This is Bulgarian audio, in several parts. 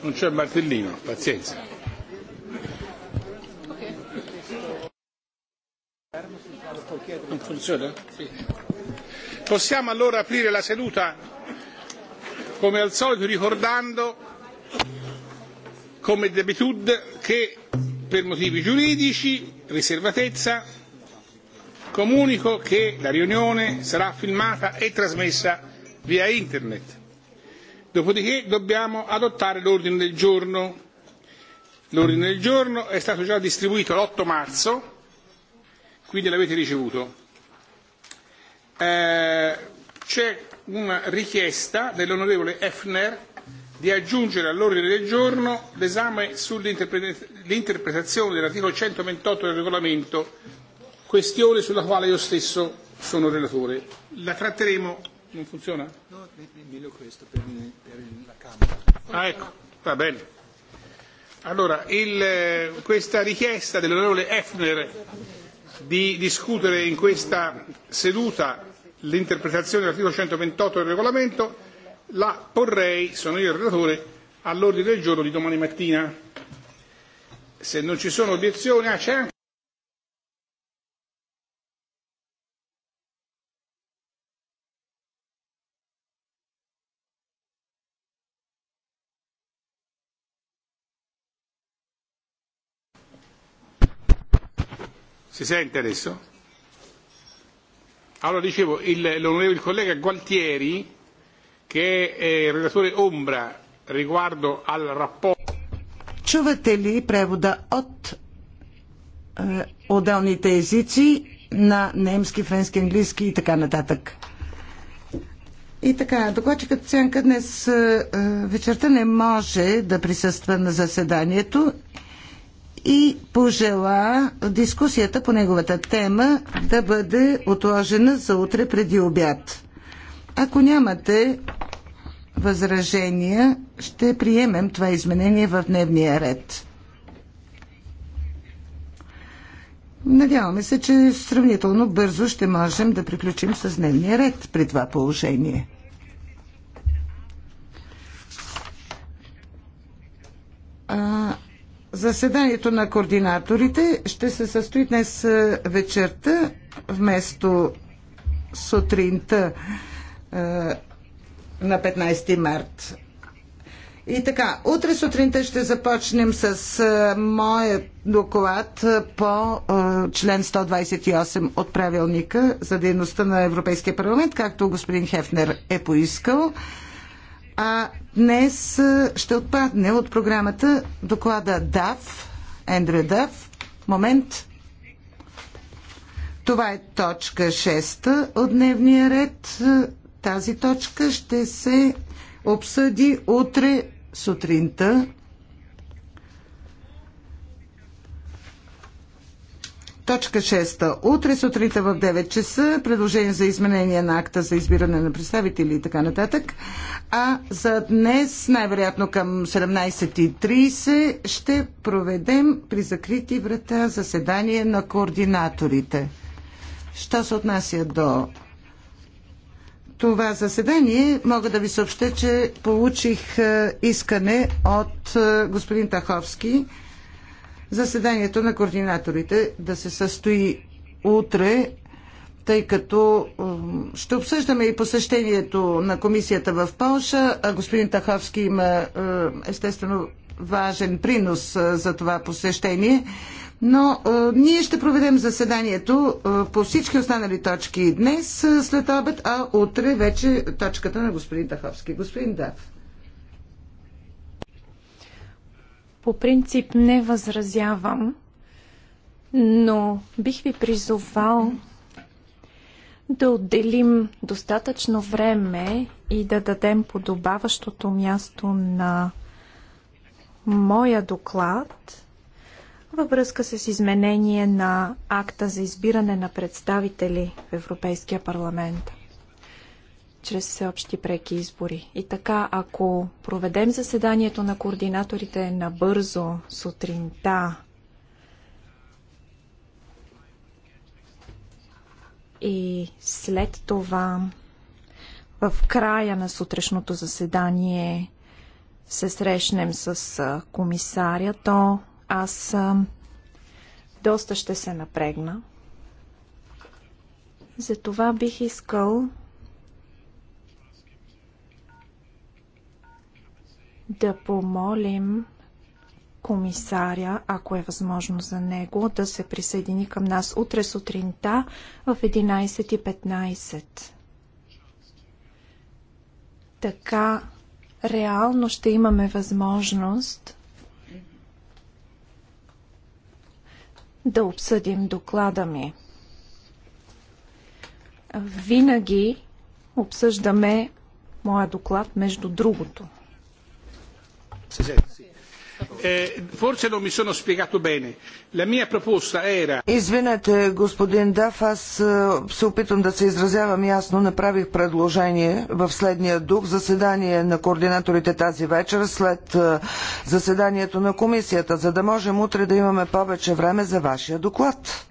Non c'è Martellino, pazienza. Non funziona? Possiamo allora aprire la seduta, come al solito ricordando, come d'abitudine, che per motivi giuridici, riservatezza, comunico che la riunione sarà filmata e trasmessa via internet. Dopodiché dobbiamo adottare l'ordine del giorno. L'ordine del giorno è stato già distribuito l'8 marzo, quindi l'avete ricevuto. Eh, c'è una richiesta dell'onorevole Efner di aggiungere all'ordine del giorno l'esame sull'interpretazione dell'articolo 128 del regolamento, questione sulla quale io stesso sono relatore. La tratteremo. Non funziona? No ecco, va bene. Allora, il, questa richiesta dell'onorevole Effner di discutere in questa seduta l'interpretazione dell'articolo 128 del regolamento la porrei, sono io il relatore, all'ordine del giorno di domani mattina. Se non ci sono obiezioni, ah, c'è anche Si sente adesso? Allora dicevo, l'onorevole collega Gualtieri, che è eh, relatore ombra riguardo al rapporto. Чувате ли превода от е, отделните езици на немски, френски, английски и така нататък? И така, докладчикът Сянка днес е, вечерта не може да присъства на заседанието и пожела дискусията по неговата тема да бъде отложена за утре преди обяд. Ако нямате възражения, ще приемем това изменение в дневния ред. Надяваме се, че сравнително бързо ще можем да приключим с дневния ред при това положение. А, Заседанието на координаторите ще се състои днес е, вечерта вместо сутринта е, на 15 март. И така, утре сутринта ще започнем с а, е, моят доклад по а, член 128 от правилника за дейността на Европейския парламент, както господин Хефнер е поискал. А днес ще отпадне от програмата доклада ДАВ, Ендрю ДАВ. Момент. Това е точка 6 от дневния ред. Тази точка ще се обсъди утре сутринта Точка 6. Утре сутринта в 9 часа предложение за изменение на акта за избиране на представители и така нататък. А за днес, най-вероятно към 17.30, ще проведем при закрити врата заседание на координаторите. Що се отнася до това заседание, мога да ви съобща, че получих е, искане от е, господин Таховски заседанието на координаторите да се състои утре, тъй като ще обсъждаме и посещението на комисията в Полша. А господин Таховски има е, естествено важен принос е, за това посещение. Но е, ние ще проведем заседанието е, по всички останали точки днес е, след обед, а утре вече точката на господин Таховски. Господин Дав. По принцип не възразявам, но бих ви призовал да отделим достатъчно време и да дадем подобаващото място на моя доклад във връзка с изменение на акта за избиране на представители в Европейския парламент чрез всеобщи преки избори. И така, ако проведем заседанието на координаторите набързо сутринта, и след това в края на сутрешното заседание се срещнем с комисаря, то аз доста ще се напрегна. Затова бих искал да помолим комисаря, ако е възможно за него, да се присъедини към нас утре сутринта в 11.15. Така реално ще имаме възможност да обсъдим доклада ми. Винаги обсъждаме моя доклад между другото. Eh, forse non mi sono spiegato bene. La mia proposta era... Извинете, господин Даф, аз е, се опитвам да се изразявам ясно. Направих предложение в следния дух. Заседание на координаторите тази вечер след е, заседанието на комисията, за да можем утре да имаме повече време за вашия доклад.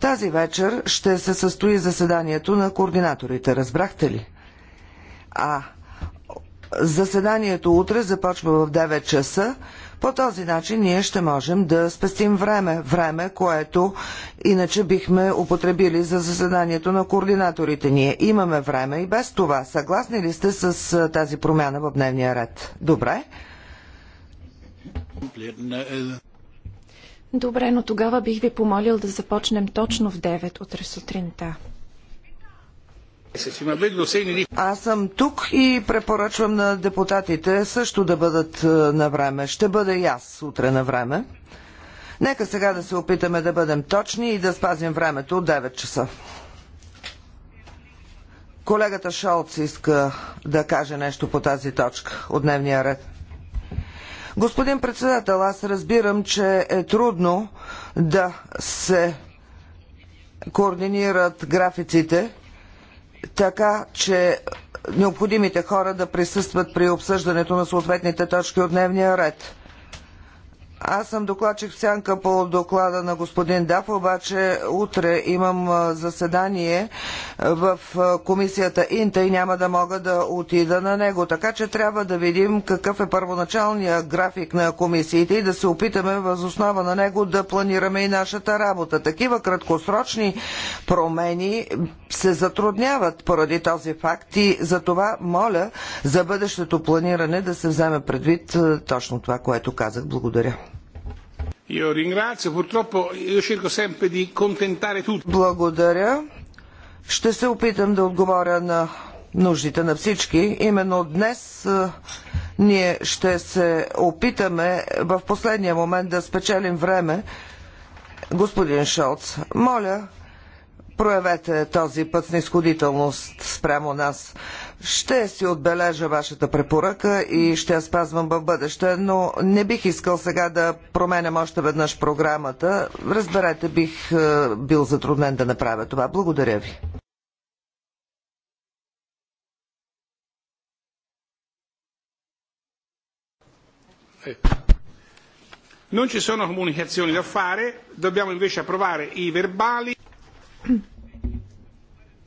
Тази вечер ще се състои заседанието на координаторите. Разбрахте ли? А, Заседанието утре започва в 9 часа. По този начин ние ще можем да спестим време. Време, което иначе бихме употребили за заседанието на координаторите. Ние имаме време и без това. Съгласни ли сте с тази промяна в дневния ред? Добре. Добре, но тогава бих ви помолил да започнем точно в 9 утре сутринта. Аз съм тук и препоръчвам на депутатите също да бъдат е, на време. Ще бъда и аз утре на време. Нека сега да се опитаме да бъдем точни и да спазим времето от 9 часа. Колегата Шолц иска да каже нещо по тази точка от дневния ред. Господин председател, аз разбирам, че е трудно да се координират графиците, така че необходимите хора да присъстват при обсъждането на съответните точки от дневния ред. Аз съм докладчик в сянка по доклада на господин Даф, обаче утре имам заседание в комисията Инта и няма да мога да отида на него. Така че трябва да видим какъв е първоначалният график на комисиите и да се опитаме въз основа на него да планираме и нашата работа. Такива краткосрочни промени се затрудняват поради този факт и за това моля за бъдещето планиране да се вземе предвид точно това, което казах. Благодаря. Io ringrazio, purtroppo io cerco sempre di contentare tutti. Благодаря. Ще се опитам да отговоря на нуждите на всички. Именно днес ние ще се опитаме в последния момент да спечелим време. Господин Шолц, моля, проявете този път снисходителност спрямо нас. Ще си отбележа вашата препоръка и ще я спазвам в бъдеще, но не бих искал сега да променям още веднъж програмата. Разберете, бих е, бил затруднен да направя това. Благодаря ви. Non ci sono comunicazioni da fare, dobbiamo invece approvare i verbali.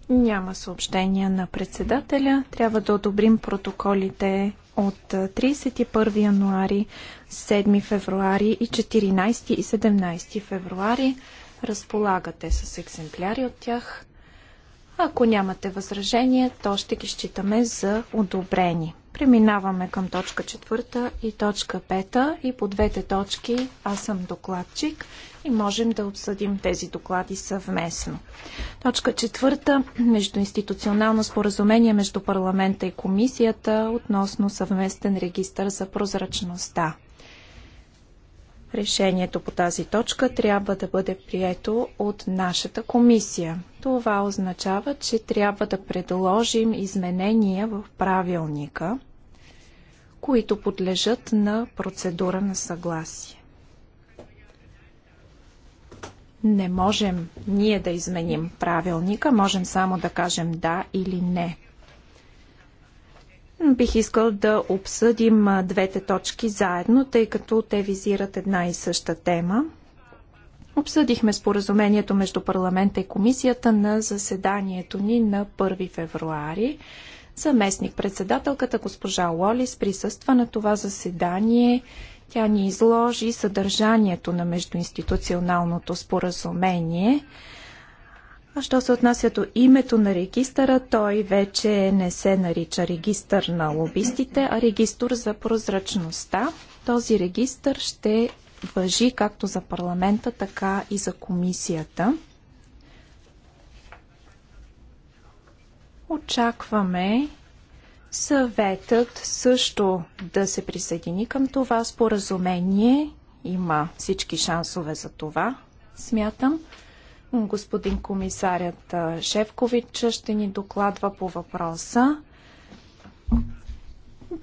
Няма съобщения на председателя. Трябва да одобрим протоколите от 31 януари, 7 февруари и 14 и 17 февруари. Разполагате с екземпляри от тях. Ако нямате възражение, то ще ги считаме за одобрени. Преминаваме към точка четвърта и точка пета и по двете точки аз съм докладчик и можем да обсъдим тези доклади съвместно. Точка четвърта – междуинституционално споразумение между парламента и комисията относно съвместен регистър за прозрачността. Решението по тази точка трябва да бъде прието от нашата комисия. Това означава, че трябва да предложим изменения в правилника, които подлежат на процедура на съгласие. Не можем ние да изменим правилника, можем само да кажем да или не. Бих искал да обсъдим двете точки заедно, тъй като те визират една и съща тема. Обсъдихме споразумението между парламента и комисията на заседанието ни на 1 февруари. Заместник председателката госпожа Лолис присъства на това заседание тя ни изложи съдържанието на междуинституционалното споразумение. А що се отнася до името на регистъра, той вече не се нарича регистър на лобистите, а регистър за прозрачността. Този регистър ще въжи както за парламента, така и за комисията. Очакваме Съветът също да се присъедини към това споразумение. Има всички шансове за това, смятам. Господин комисарят Шевкович ще ни докладва по въпроса.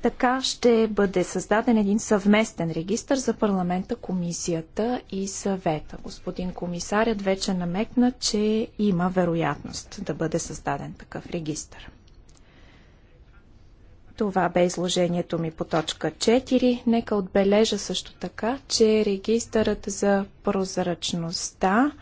Така ще бъде създаден един съвместен регистр за парламента, комисията и съвета. Господин комисарят вече намекна, че има вероятност да бъде създаден такъв регистр. Това бе изложението ми по точка 4. Нека отбележа също така, че регистърът за прозрачността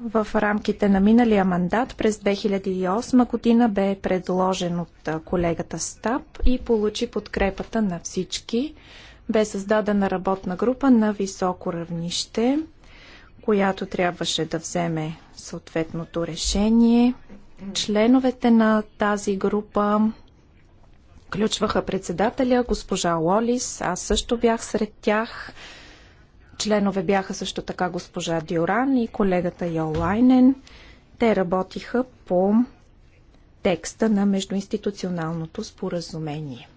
в рамките на миналия мандат през 2008 година бе предложен от колегата Стап и получи подкрепата на всички. Бе създадена работна група на високо равнище, която трябваше да вземе съответното решение Членовете на тази група включваха председателя, госпожа Лолис, аз също бях сред тях. Членове бяха също така госпожа Дюран и колегата Йолайнен. Те работиха по текста на междуинституционалното споразумение.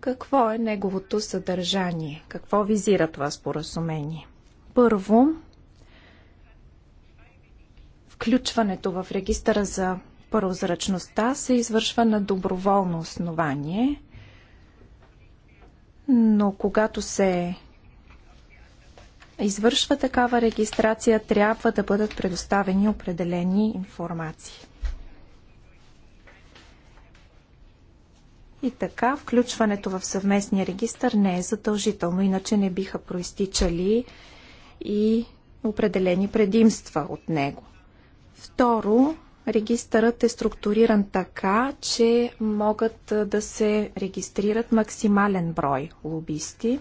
Какво е неговото съдържание? Какво визира това споразумение? Първо, Включването в регистъра за първозрачността се извършва на доброволно основание, но когато се извършва такава регистрация, трябва да бъдат предоставени определени информации. И така, включването в съвместния регистр не е задължително, иначе не биха проистичали и определени предимства от него. Второ, регистърът е структуриран така, че могат да се регистрират максимален брой лобисти.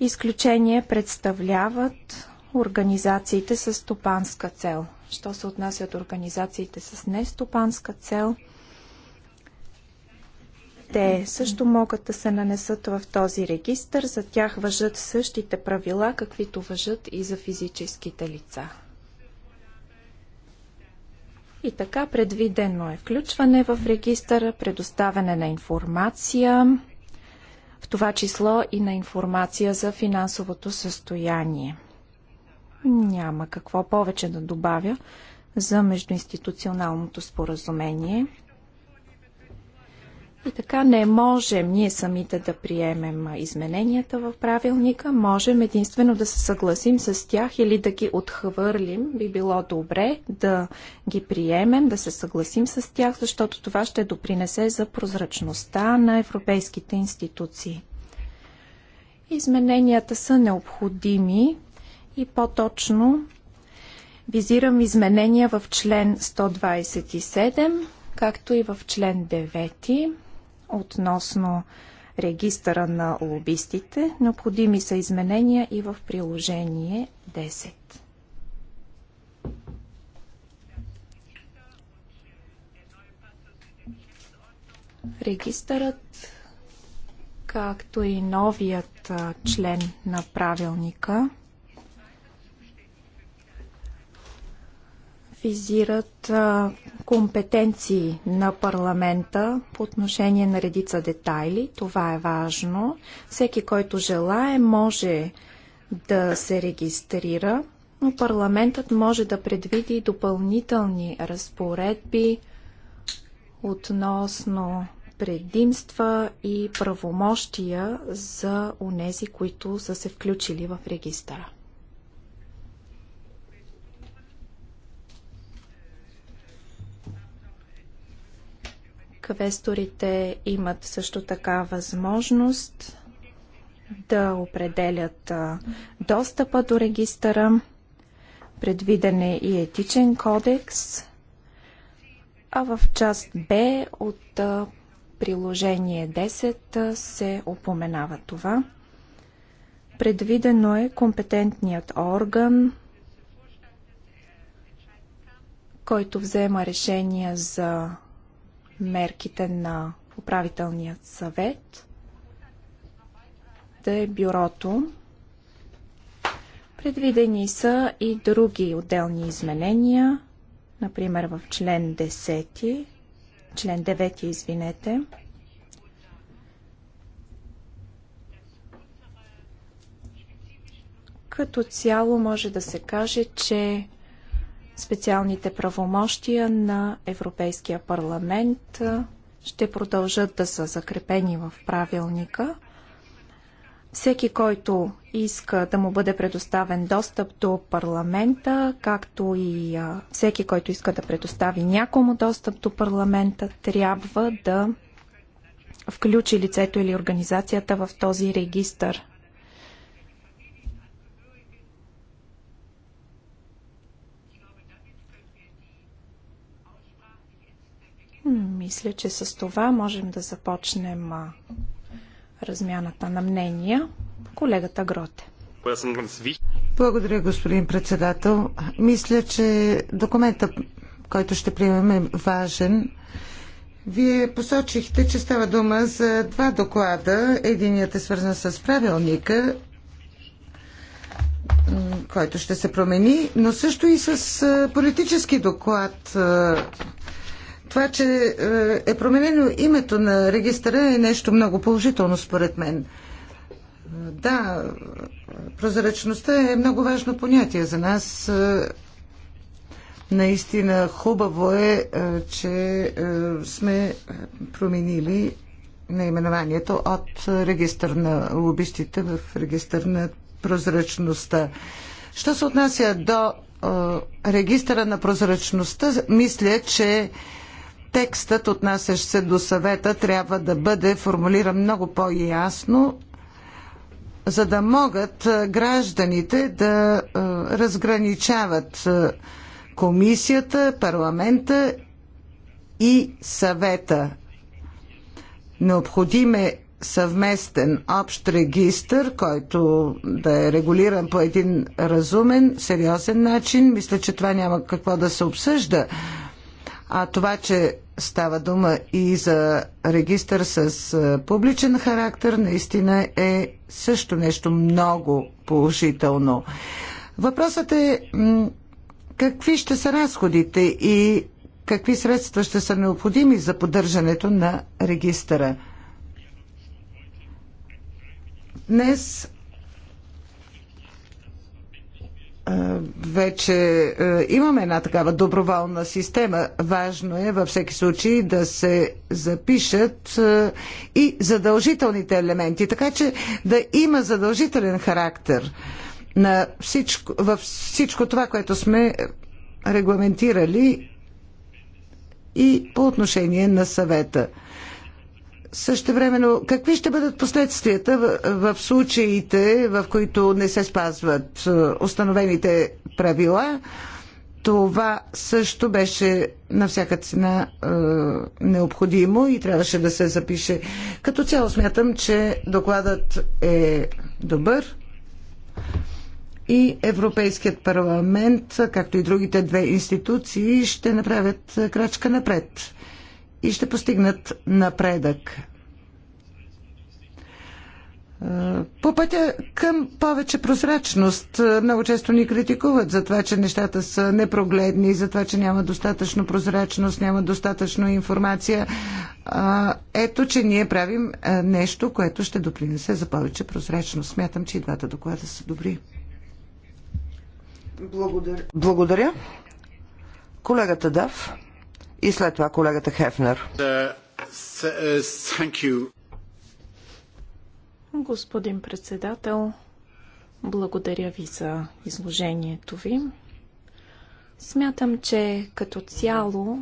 Изключение представляват организациите с стопанска цел. Що се отнасят организациите с нестопанска цел – те също могат да се нанесат в този регистр. За тях въжат същите правила, каквито въжат и за физическите лица. И така предвидено е включване в регистъра, предоставяне на информация, в това число и на информация за финансовото състояние. Няма какво повече да добавя за междуинституционалното споразумение. И така не можем ние самите да приемем измененията в правилника, можем единствено да се съгласим с тях или да ги отхвърлим. Би било добре да ги приемем, да се съгласим с тях, защото това ще допринесе за прозрачността на европейските институции. Измененията са необходими и по-точно визирам изменения в член 127, както и в член 9 относно регистъра на лобистите. Необходими са изменения и в приложение 10. Регистърът, както и новият член на правилника, визират компетенции на парламента по отношение на редица детайли. Това е важно. Всеки, който желае, може да се регистрира, но парламентът може да предвиди и допълнителни разпоредби относно предимства и правомощия за унези, които са се включили в регистъра. Квесторите имат също така възможност да определят достъпа до регистъра. Предвиден е и етичен кодекс, а в част Б от приложение 10 се упоменава това. Предвидено е компетентният орган, който взема решения за мерките на управителният съвет, да е бюрото. Предвидени са и други отделни изменения, например в член 10, член 9, извинете. Като цяло може да се каже, че специалните правомощия на Европейския парламент ще продължат да са закрепени в правилника. Всеки, който иска да му бъде предоставен достъп до парламента, както и всеки, който иска да предостави някому достъп до парламента, трябва да включи лицето или организацията в този регистър Мисля, че с това можем да започнем размяната на мнения. Колегата Гроте. Благодаря, господин председател. Мисля, че документа, който ще приемем, е важен. Вие посочихте, че става дума за два доклада. Единият е свързан с правилника, който ще се промени, но също и с политически доклад това, че е, е променено името на регистъра е нещо много положително според мен. Да, прозрачността е много важно понятие за нас. Наистина хубаво е, е че е, сме променили наименованието от регистър на лобистите в регистър на прозрачността. Що се отнася до регистъра на прозрачността, мисля, че текстът, отнасящ се до съвета, трябва да бъде формулиран много по-ясно, за да могат гражданите да разграничават комисията, парламента и съвета. Необходим е съвместен общ регистр, който да е регулиран по един разумен, сериозен начин. Мисля, че това няма какво да се обсъжда. А това, че става дума и за регистър с публичен характер, наистина е също нещо много положително. Въпросът е какви ще са разходите и какви средства ще са необходими за поддържането на регистъра. Днес вече е, имаме една такава доброволна система. Важно е във всеки случай да се запишат е, и задължителните елементи, така че да има задължителен характер на всичко, във всичко това, което сме регламентирали и по отношение на съвета. Също времено, какви ще бъдат последствията в, в случаите, в които не се спазват е, установените правила? Това също беше на всяка цена е, необходимо и трябваше да се запише. Като цяло смятам, че докладът е добър и Европейският парламент, както и другите две институции, ще направят крачка напред и ще постигнат напредък. По пътя към повече прозрачност много често ни критикуват за това, че нещата са непрогледни, за това, че няма достатъчно прозрачност, няма достатъчно информация. Ето, че ние правим нещо, което ще допринесе за повече прозрачност. Смятам, че и двата доклада са добри. Благодаря. Благодаря. Колегата Дав. И след това колегата Хефнер. Uh, uh, Господин председател, благодаря ви за изложението ви. Смятам, че като цяло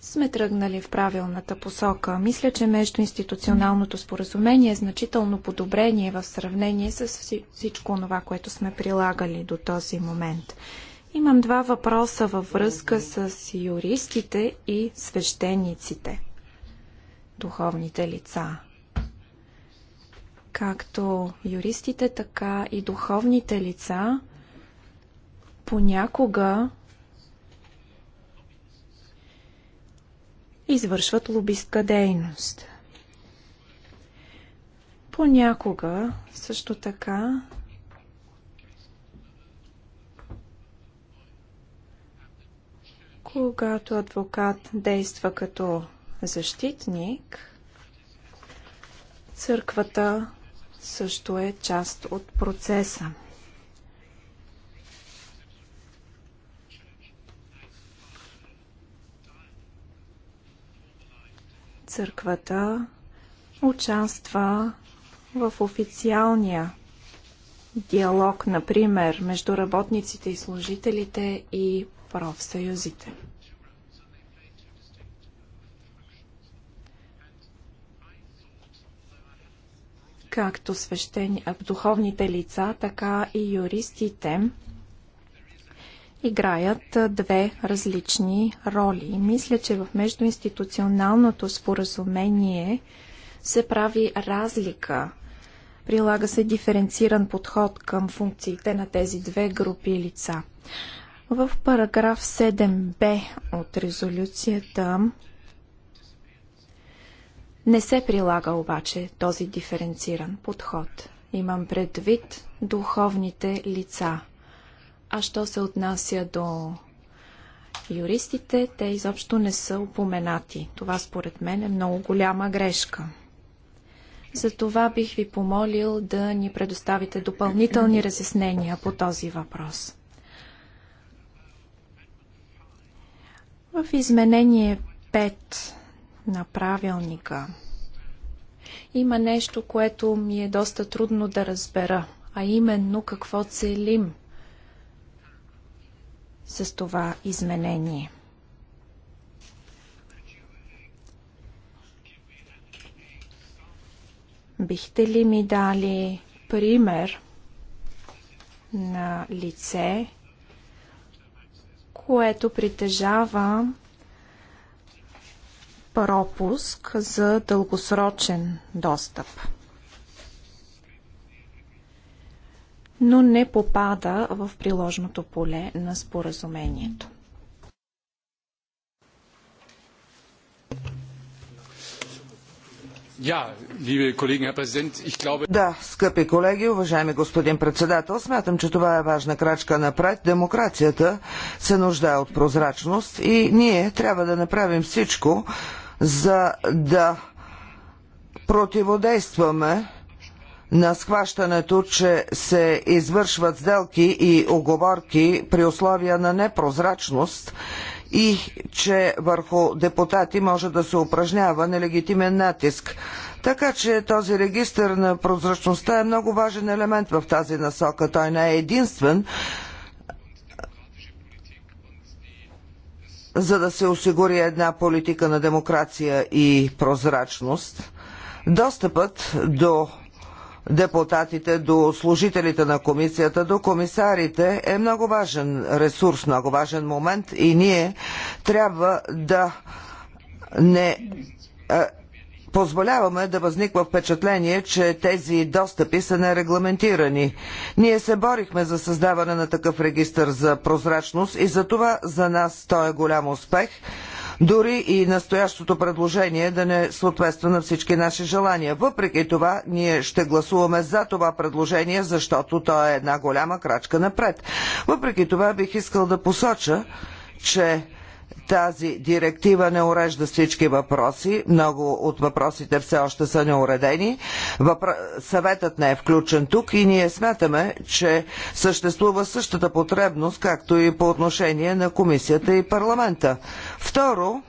сме тръгнали в правилната посока. Мисля, че между институционалното споразумение е значително подобрение в сравнение с всичко това, което сме прилагали до този момент. Имам два въпроса във връзка с юристите и свещениците, духовните лица. Както юристите, така и духовните лица понякога извършват лобистка дейност. Понякога също така Когато адвокат действа като защитник, църквата също е част от процеса. Църквата участва в официалния диалог, например, между работниците и служителите и профсъюзите. както свещени, духовните лица, така и юристите играят две различни роли. Мисля, че в междуинституционалното споразумение се прави разлика. Прилага се диференциран подход към функциите на тези две групи лица. В параграф 7б от резолюцията не се прилага обаче този диференциран подход. Имам предвид духовните лица. А що се отнася до юристите, те изобщо не са упоменати. Това според мен е много голяма грешка. Затова бих ви помолил да ни предоставите допълнителни разяснения по този въпрос. В изменение 5 на правилника. Има нещо, което ми е доста трудно да разбера, а именно какво целим с това изменение. Бихте ли ми дали пример на лице, което притежава пропуск за дългосрочен достъп. Но не попада в приложното поле на споразумението. Да, скъпи колеги, уважаеми господин председател, смятам, че това е важна крачка напред. Демокрацията се нуждае от прозрачност и ние трябва да направим всичко, за да противодействаме на схващането, че се извършват сделки и оговорки при условия на непрозрачност и че върху депутати може да се упражнява нелегитимен натиск. Така че този регистр на прозрачността е много важен елемент в тази насока. Той не е единствен, за да се осигури една политика на демокрация и прозрачност, достъпът до депутатите, до служителите на комисията, до комисарите е много важен ресурс, много важен момент и ние трябва да не позволяваме да възниква впечатление, че тези достъпи са нерегламентирани. Ние се борихме за създаване на такъв регистр за прозрачност и за това за нас той е голям успех дори и настоящото предложение да не съответства на всички наши желания. Въпреки това, ние ще гласуваме за това предложение, защото то е една голяма крачка напред. Въпреки това, бих искал да посоча, че тази директива не урежда всички въпроси. Много от въпросите все още са неуредени. Въпро... Съветът не е включен тук и ние смятаме, че съществува същата потребност, както и по отношение на комисията и парламента. Второ,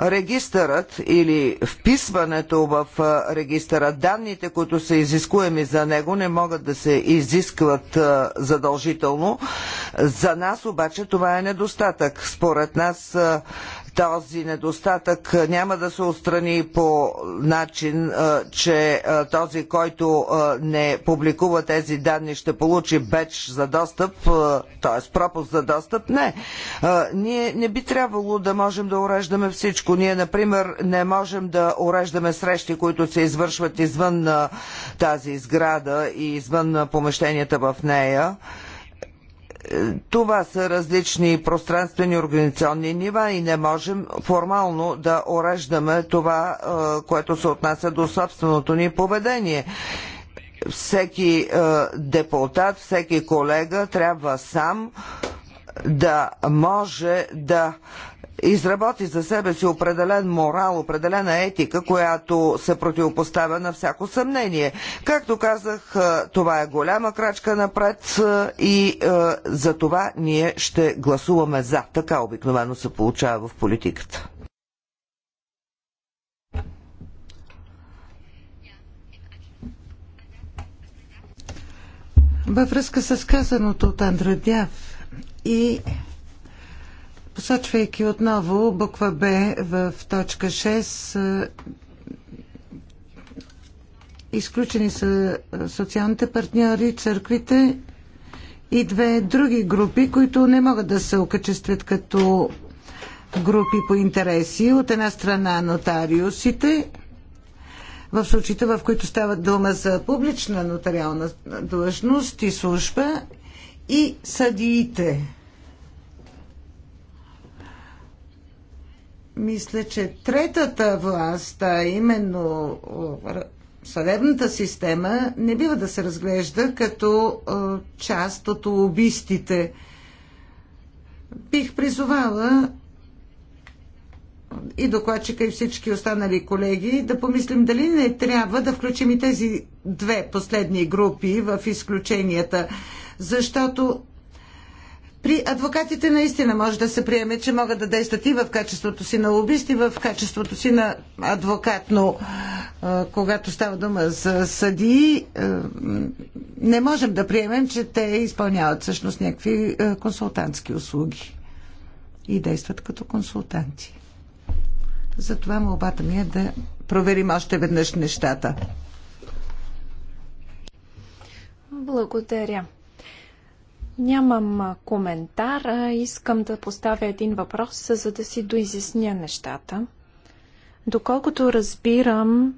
регистърът или вписването в регистъра, данните, които са изискуеми за него, не могат да се изискват задължително. За нас обаче това е недостатък. Според нас този недостатък няма да се отстрани по начин, че този, който не публикува тези данни, ще получи беч за достъп, т.е. пропуск за достъп. Не. Ние не би трябвало да можем да уреждаме всичко. Ние, например, не можем да уреждаме срещи, които се извършват извън тази сграда и извън помещенията в нея това са различни пространствени организационни нива и не можем формално да уреждаме това, е, което се отнася до собственото ни поведение всеки е, депутат, всеки колега трябва сам да може да изработи за себе си определен морал, определена етика, която се противопоставя на всяко съмнение. Както казах, е, това е голяма крачка напред е, и е, за това ние ще гласуваме за. Така обикновено се получава в политиката. Във връзка с казаното от Андродяв и Посочвайки отново буква Б в точка 6, изключени са социалните партньори, църквите и две други групи, които не могат да се окачестват като групи по интереси. От една страна нотариусите, в случаите, в които става дума за публична нотариална длъжност и служба, и съдиите Мисля, че третата власт, а именно съдебната система, не бива да се разглежда като част от лобистите. Бих призовала и докладчика и всички останали колеги да помислим дали не трябва да включим и тези две последни групи в изключенията, защото при адвокатите наистина може да се приеме, че могат да действат и в качеството си на лобист, и в качеството си на адвокат, но когато става дума за съди, не можем да приемем, че те изпълняват всъщност някакви консултантски услуги и действат като консултанти. Затова молбата ми е да проверим още веднъж нещата. Благодаря. Нямам коментар. Искам да поставя един въпрос, за да си доизясня нещата. Доколкото разбирам,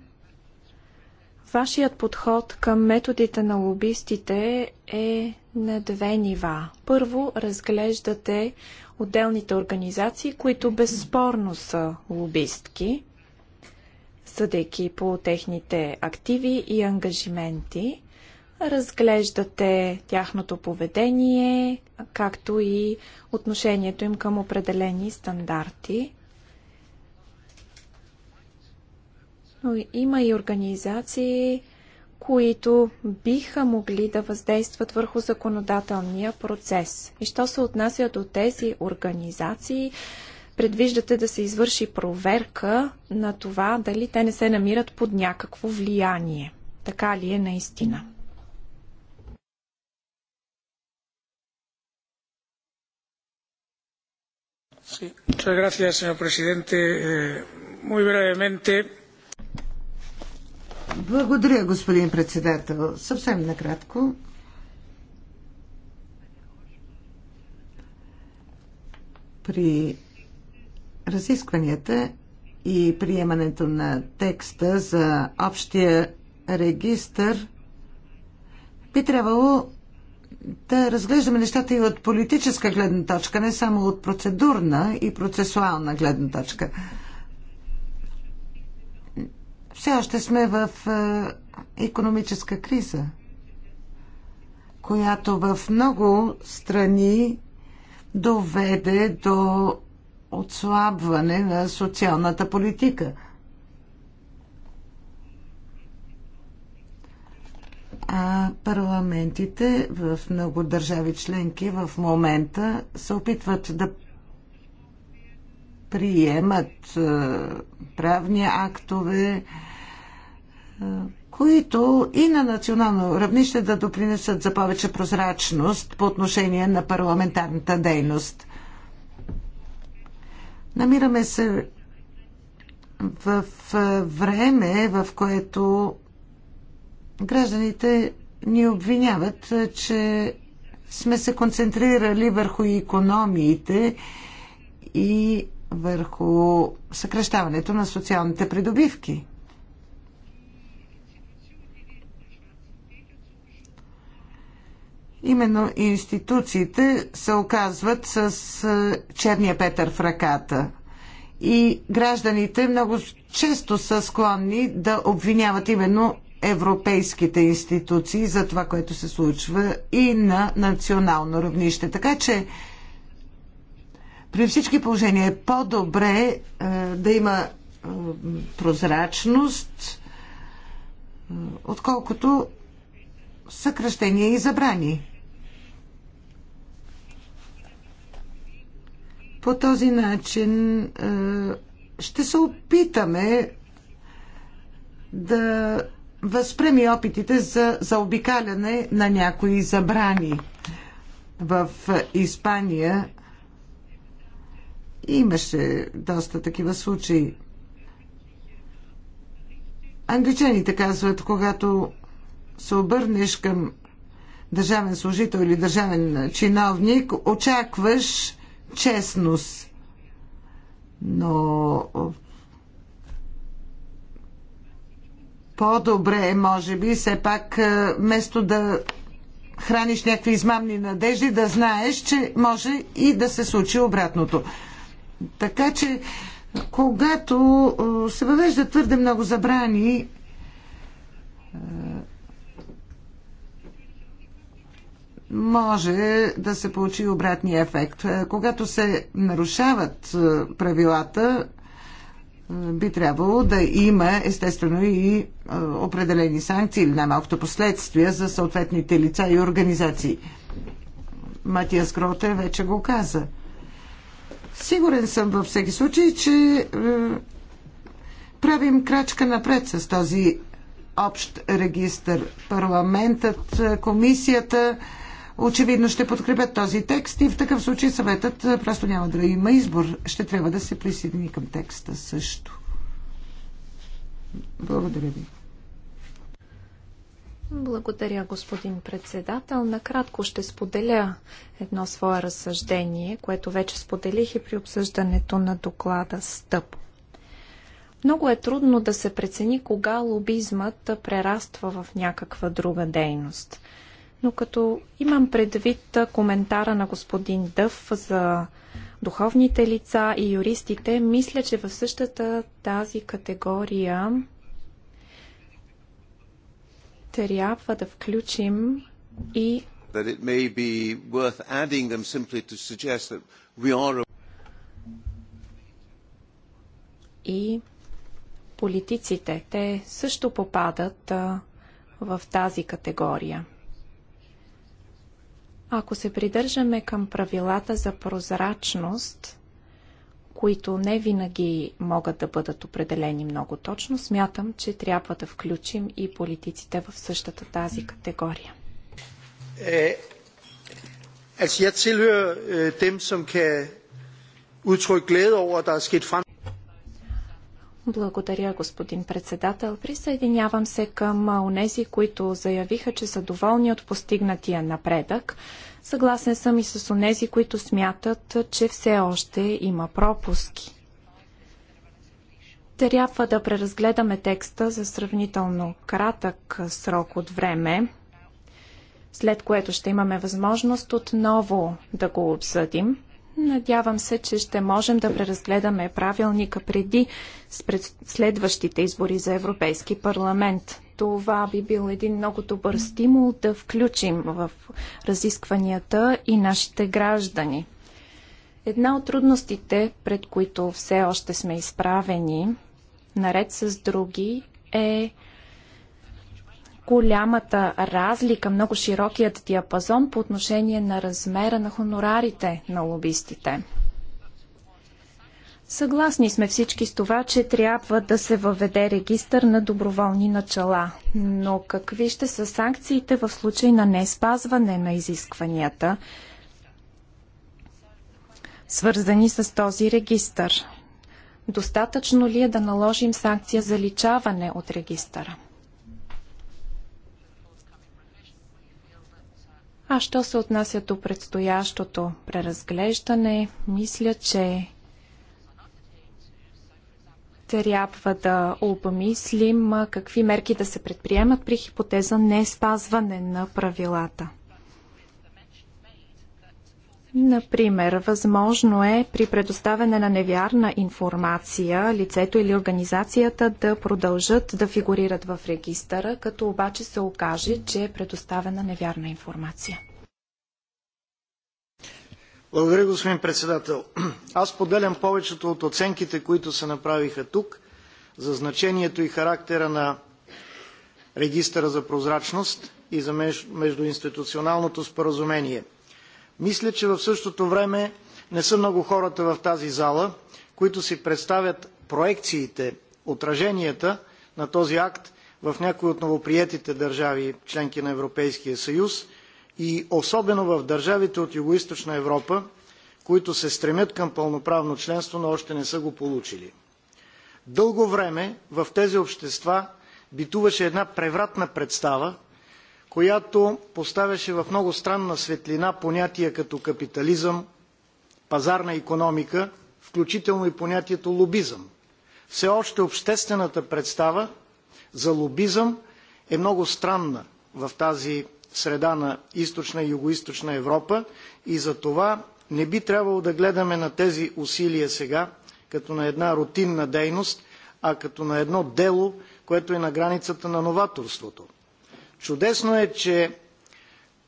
вашият подход към методите на лобистите е на две нива. Първо, разглеждате отделните организации, които безспорно са лобистки, съдейки по техните активи и ангажименти разглеждате тяхното поведение, както и отношението им към определени стандарти. Но има и организации, които биха могли да въздействат върху законодателния процес. И що се отнася до тези организации, предвиждате да се извърши проверка на това дали те не се намират под някакво влияние. Така ли е наистина? señor presidente. Eh, muy brevemente. Благодаря, господин председател. Съвсем накратко. При разискванията и приемането на текста за общия регистър би трябвало да разглеждаме нещата и от политическа гледна точка, не само от процедурна и процесуална гледна точка. Все още сме в е, економическа криза, която в много страни доведе до отслабване на социалната политика – а парламентите в много държави членки в момента се опитват да приемат правни актове, които и на национално равнище да допринесат за повече прозрачност по отношение на парламентарната дейност. Намираме се в време, в което Гражданите ни обвиняват, че сме се концентрирали върху економиите и върху съкръщаването на социалните придобивки. Именно институциите се оказват с черния петър в ръката. И гражданите много често са склонни да обвиняват именно европейските институции за това, което се случва и на национално равнище. Така че при всички положения е по-добре е, да има е, прозрачност, е, отколкото съкръщения и забрани. По този начин ще се опитаме да възпреми опитите за заобикаляне на някои забрани. В Испания имаше доста такива случаи. Англичаните казват, когато се обърнеш към държавен служител или държавен чиновник, очакваш честност. Но по-добре, може би, все пак, е, вместо да храниш някакви измамни надежди, да знаеш, че може и да се случи обратното. Така че, когато е, се въвежда твърде много забрани, е, може да се получи обратния ефект. Когато се нарушават правилата, би трябвало да има естествено и е, определени санкции или най-малкото последствия за съответните лица и организации. Матиас Гроте вече го каза. Сигурен съм във всеки случай, че е, правим крачка напред с този общ регистр. Парламентът, комисията, очевидно ще подкрепят този текст и в такъв случай съветът просто няма да има избор. Ще трябва да се присъедини към текста също. Благодаря ви. Благодаря, господин председател. Накратко ще споделя едно свое разсъждение, което вече споделих и при обсъждането на доклада Стъп. Много е трудно да се прецени кога лобизмът прераства в някаква друга дейност но като имам предвид коментара на господин Дъв за духовните лица и юристите, мисля, че в същата тази категория трябва да включим и и политиците. Те също попадат в тази категория. Ако се придържаме към правилата за прозрачност, които не винаги могат да бъдат определени много точно, смятам, че трябва да включим и политиците в същата тази категория. Е, altså jeg tilhører øh, dem, som kan udtrykke glæde over, at der er благодаря, господин председател. Присъединявам се към онези, които заявиха, че са доволни от постигнатия напредък. Съгласен съм и с онези, които смятат, че все още има пропуски. Трябва да преразгледаме текста за сравнително кратък срок от време, след което ще имаме възможност отново да го обсъдим. Надявам се, че ще можем да преразгледаме правилника преди следващите избори за Европейски парламент. Това би бил един много добър стимул да включим в разискванията и нашите граждани. Една от трудностите, пред които все още сме изправени, наред с други, е голямата разлика, много широкият диапазон по отношение на размера на хонорарите на лобистите. Съгласни сме всички с това, че трябва да се въведе регистър на доброволни начала. Но какви ще са санкциите в случай на не спазване на изискванията, свързани с този регистър? Достатъчно ли е да наложим санкция за личаване от регистъра? А що се отнася до предстоящото преразглеждане, мисля, че трябва да обмислим какви мерки да се предприемат при хипотеза не спазване на правилата. Например, възможно е при предоставяне на невярна информация лицето или организацията да продължат да фигурират в регистъра, като обаче се окаже, че е предоставена невярна информация. Благодаря, господин председател. Аз поделям повечето от оценките, които се направиха тук за значението и характера на регистъра за прозрачност и за междуинституционалното споразумение. Мисля, че в същото време не са много хората в тази зала, които си представят проекциите, отраженията на този акт в някои от новоприетите държави, членки на Европейския съюз и особено в държавите от Югоизточна Европа, които се стремят към пълноправно членство, но още не са го получили. Дълго време в тези общества битуваше една превратна представа, която поставяше в много странна светлина понятия като капитализъм, пазарна економика, включително и понятието лобизъм. Все още обществената представа за лобизъм е много странна в тази среда на източна и югоизточна Европа и за това не би трябвало да гледаме на тези усилия сега като на една рутинна дейност, а като на едно дело, което е на границата на новаторството. Чудесно е, че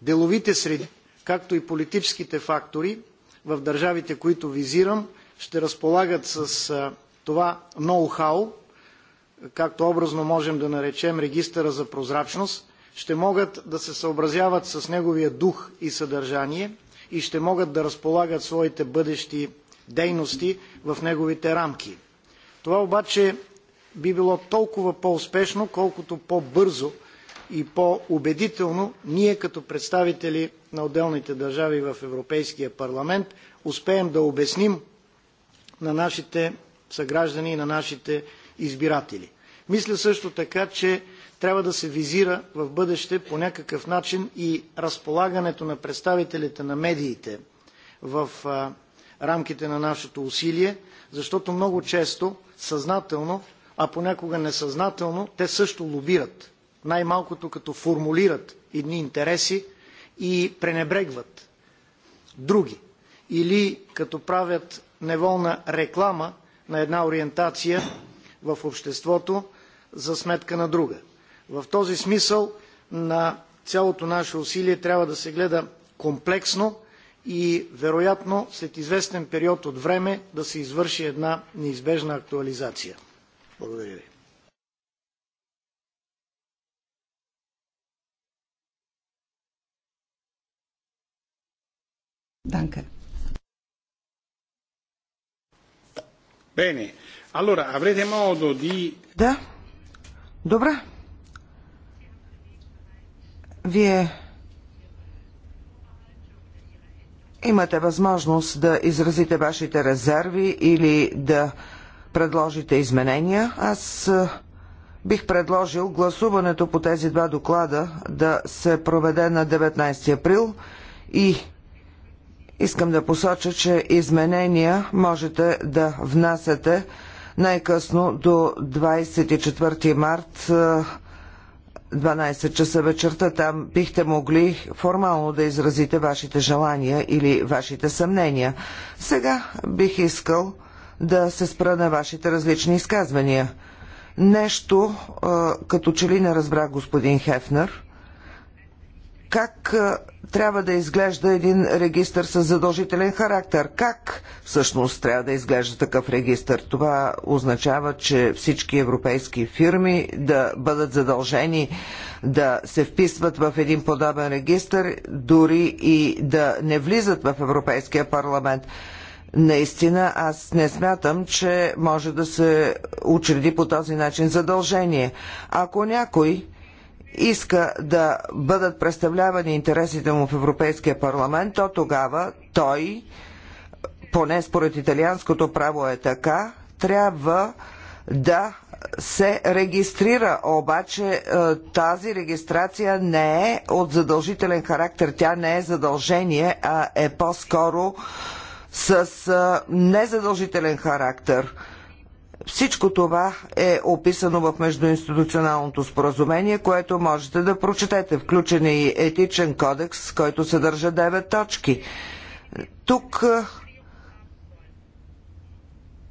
деловите среди, както и политическите фактори в държавите, които визирам, ще разполагат с това ноу-хау, както образно можем да наречем регистъра за прозрачност, ще могат да се съобразяват с неговия дух и съдържание и ще могат да разполагат своите бъдещи дейности в неговите рамки. Това обаче би било толкова по-успешно, колкото по-бързо и по-убедително ние като представители на отделните държави в Европейския парламент успеем да обясним на нашите съграждани и на нашите избиратели. Мисля също така, че трябва да се визира в бъдеще по някакъв начин и разполагането на представителите на медиите в рамките на нашето усилие, защото много често, съзнателно, а понякога несъзнателно, те също лобират най-малкото като формулират едни интереси и пренебрегват други. Или като правят неволна реклама на една ориентация в обществото за сметка на друга. В този смисъл на цялото наше усилие трябва да се гледа комплексно и вероятно след известен период от време да се извърши една неизбежна актуализация. Благодаря ви. Danke. Bene, allora avrete modo di... Да, добре. Вие имате възможност да изразите вашите резерви или да предложите изменения. Аз бих предложил гласуването по тези два доклада да се проведе на 19 април и Искам да посоча, че изменения можете да внасяте най-късно до 24 март 12 часа вечерта. Там бихте могли формално да изразите вашите желания или вашите съмнения. Сега бих искал да се спра на вашите различни изказвания. Нещо като че ли не разбрах господин Хефнер как трябва да изглежда един регистр с задължителен характер. Как всъщност трябва да изглежда такъв регистр? Това означава, че всички европейски фирми да бъдат задължени да се вписват в един подобен регистр, дори и да не влизат в Европейския парламент. Наистина, аз не смятам, че може да се учреди по този начин задължение. Ако някой иска да бъдат представлявани интересите му в Европейския парламент, то тогава той, поне според италианското право е така, трябва да се регистрира, обаче е, тази регистрация не е от задължителен характер, тя не е задължение, а е по-скоро с е, незадължителен характер. Всичко това е описано в междуинституционалното споразумение, което можете да прочетете. Включен е и етичен кодекс, който съдържа 9 точки. Тук е,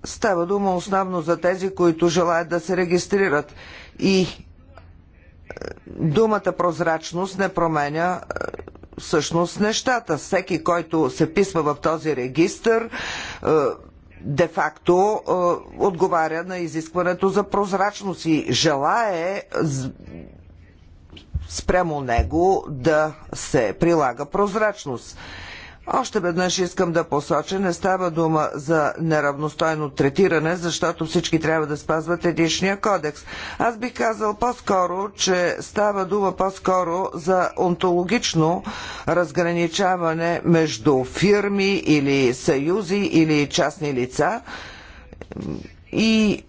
става дума основно за тези, които желаят да се регистрират. И е, думата прозрачност не променя е, всъщност нещата. Всеки, който се писва в този регистр, де-факто е, отговаря на изискването за прозрачност и желае спрямо него да се прилага прозрачност. Още веднъж искам да посоча, не става дума за неравностойно третиране, защото всички трябва да спазват етичния кодекс. Аз би казал по-скоро, че става дума по-скоро за онтологично разграничаване между фирми или съюзи или частни лица и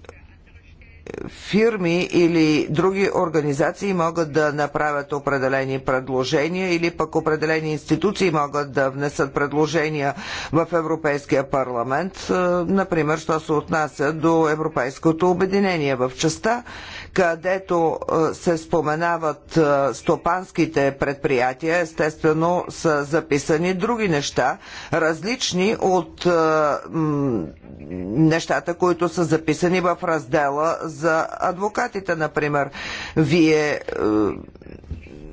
фирми или други организации могат да направят определени предложения или пък определени институции могат да внесат предложения в Европейския парламент, е, например, що се отнася до Европейското обединение в частта, където се споменават стопанските предприятия, естествено са записани други неща, различни от нещата, които са записани в раздела за адвокатите, например. Вие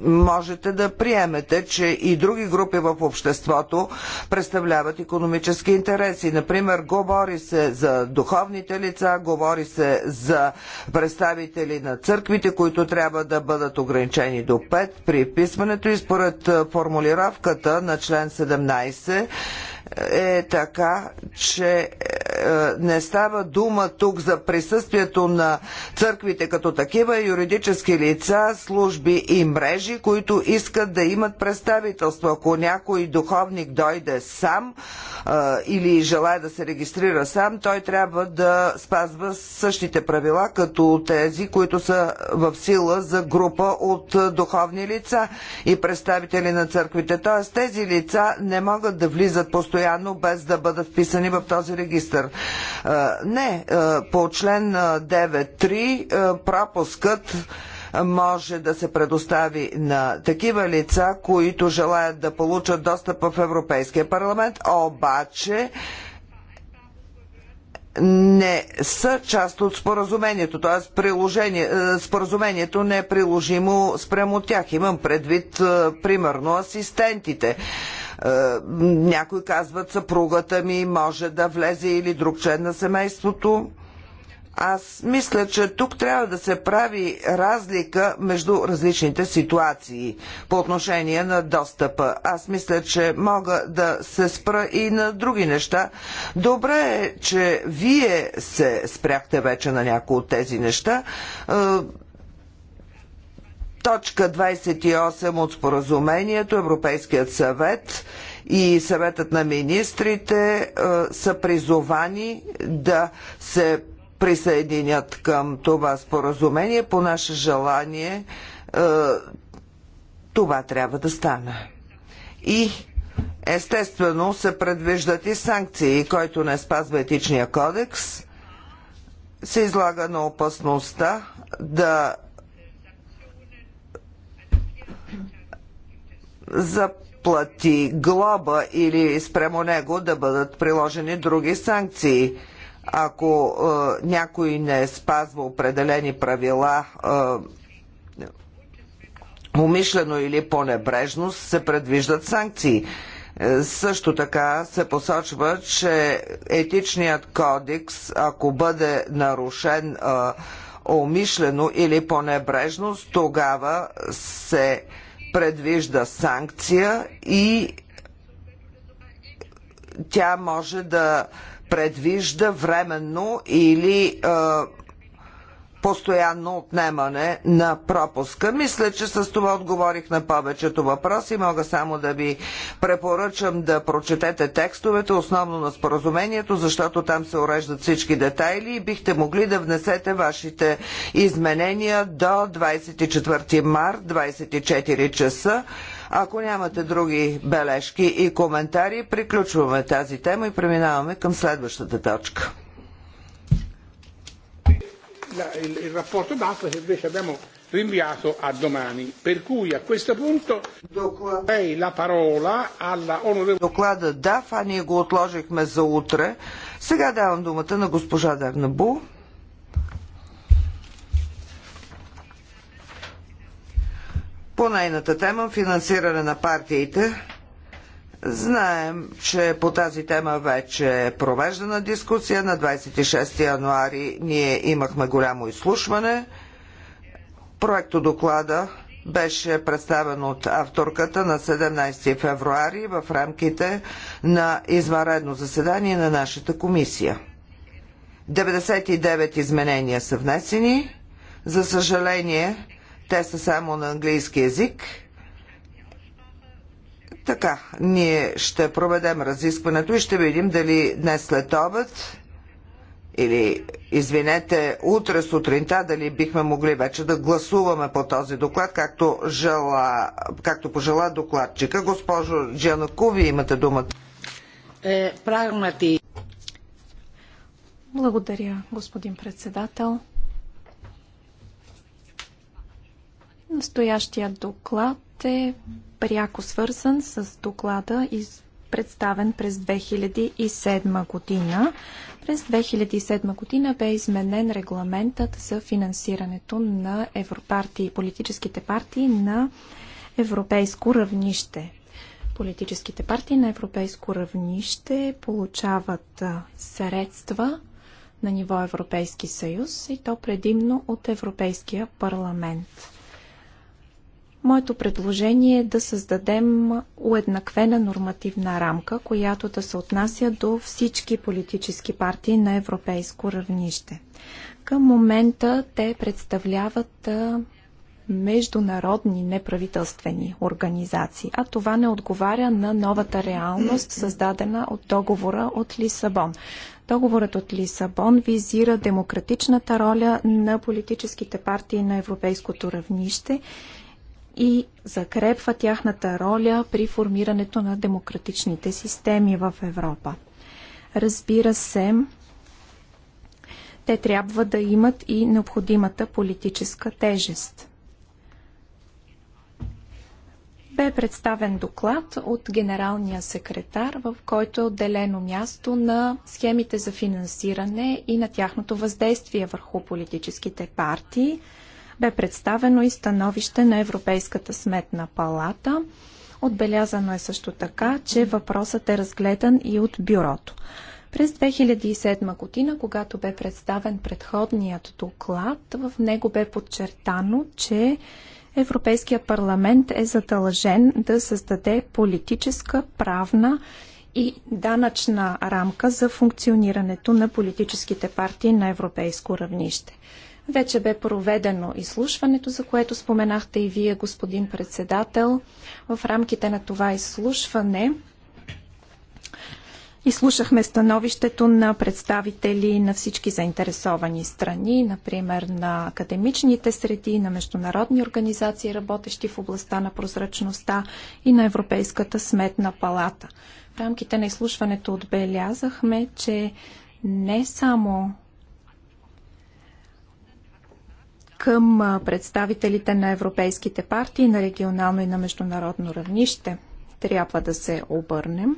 можете да приемете, че и други групи в обществото представляват економически интереси. Например, говори се за духовните лица, говори се за представители на църквите, които трябва да бъдат ограничени до 5 при писването и според формулировката на член 17 е така, че е, е, не става дума тук за присъствието на църквите като такива, юридически лица, служби и мрежи, които искат да имат представителство. Ако някой духовник дойде сам е, или желая да се регистрира сам, той трябва да спазва същите правила, като тези, които са в сила за група от духовни лица и представители на църквите. Т.е. тези лица не могат да влизат постоянно без да бъдат вписани в този регистр. Не, по член 9.3 пропускът може да се предостави на такива лица, които желаят да получат достъп в Европейския парламент, обаче не са част от споразумението, т.е. споразумението не е приложимо спрямо тях. Имам предвид, примерно, асистентите някои казват съпругата ми може да влезе или друг член на семейството. Аз мисля, че тук трябва да се прави разлика между различните ситуации по отношение на достъпа. Аз мисля, че мога да се спра и на други неща. Добре е, че вие се спряхте вече на някои от тези неща. Е, Точка 28 от споразумението Европейският съвет и съветът на министрите е, са призовани да се присъединят към това споразумение по наше желание. Е, това трябва да стане. И естествено се предвиждат и санкции, който не спазва етичния кодекс, се излага на опасността да заплати, глоба или спрямо него да бъдат приложени други санкции. Ако е, някой не спазва определени правила, е, умишлено или по небрежност, се предвиждат санкции. Е, също така се посочва, че етичният кодекс, ако бъде нарушен а, е, умишлено или по небрежност, тогава се предвижда санкция и тя може да предвижда временно или постоянно отнемане на пропуска. Мисля, че с това отговорих на повечето въпроси. Мога само да ви препоръчам да прочетете текстовете, основно на споразумението, защото там се уреждат всички детайли и бихте могли да внесете вашите изменения до 24 март, 24 часа. Ако нямате други бележки и коментари, приключваме тази тема и преминаваме към следващата точка la, il, il rapporto DAF che invece abbiamo rinviato a domani. Per cui a questo punto lei la parola alla onorevole... Доклада ДАФ, а ние го отложихме за утре. Сега давам думата на госпожа Дарнабу. По нейната тема финансиране на партиите Знаем, че по тази тема вече е провеждана дискусия. На 26 януари ние имахме голямо изслушване. Проекто доклада беше представен от авторката на 17 февруари в рамките на извънредно заседание на нашата комисия. 99 изменения са внесени. За съжаление, те са само на английски язик – така, ние ще проведем разискването и ще видим дали днес след обед или, извинете, утре сутринта дали бихме могли вече да гласуваме по този доклад, както, жела, както пожела докладчика. Госпожо Джанаку, ви имате думата. Е, прагмати. Е Благодаря, господин председател. Настоящия доклад е пряко свързан с доклада, из... представен през 2007 година. През 2007 година бе изменен регламентът за финансирането на европартии, политическите партии на европейско равнище. Политическите партии на европейско равнище получават средства на ниво Европейски съюз и то предимно от Европейския парламент. Моето предложение е да създадем уеднаквена нормативна рамка, която да се отнася до всички политически партии на европейско равнище. Към момента те представляват международни неправителствени организации, а това не отговаря на новата реалност, създадена от договора от Лисабон. Договорът от Лисабон визира демократичната роля на политическите партии на европейското равнище и закрепва тяхната роля при формирането на демократичните системи в Европа. Разбира се, те трябва да имат и необходимата политическа тежест. Бе представен доклад от генералния секретар, в който е отделено място на схемите за финансиране и на тяхното въздействие върху политическите партии. Бе представено и становище на Европейската сметна палата. Отбелязано е също така, че въпросът е разгледан и от бюрото. През 2007 година, когато бе представен предходният доклад, в него бе подчертано, че Европейският парламент е задължен да създаде политическа, правна и данъчна рамка за функционирането на политическите партии на европейско равнище. Вече бе проведено изслушването, за което споменахте и вие, господин председател. В рамките на това изслушване изслушахме становището на представители на всички заинтересовани страни, например на академичните среди, на международни организации, работещи в областта на прозрачността и на Европейската сметна палата. В рамките на изслушването отбелязахме, че не само към представителите на европейските партии на регионално и на международно равнище. Трябва да се обърнем.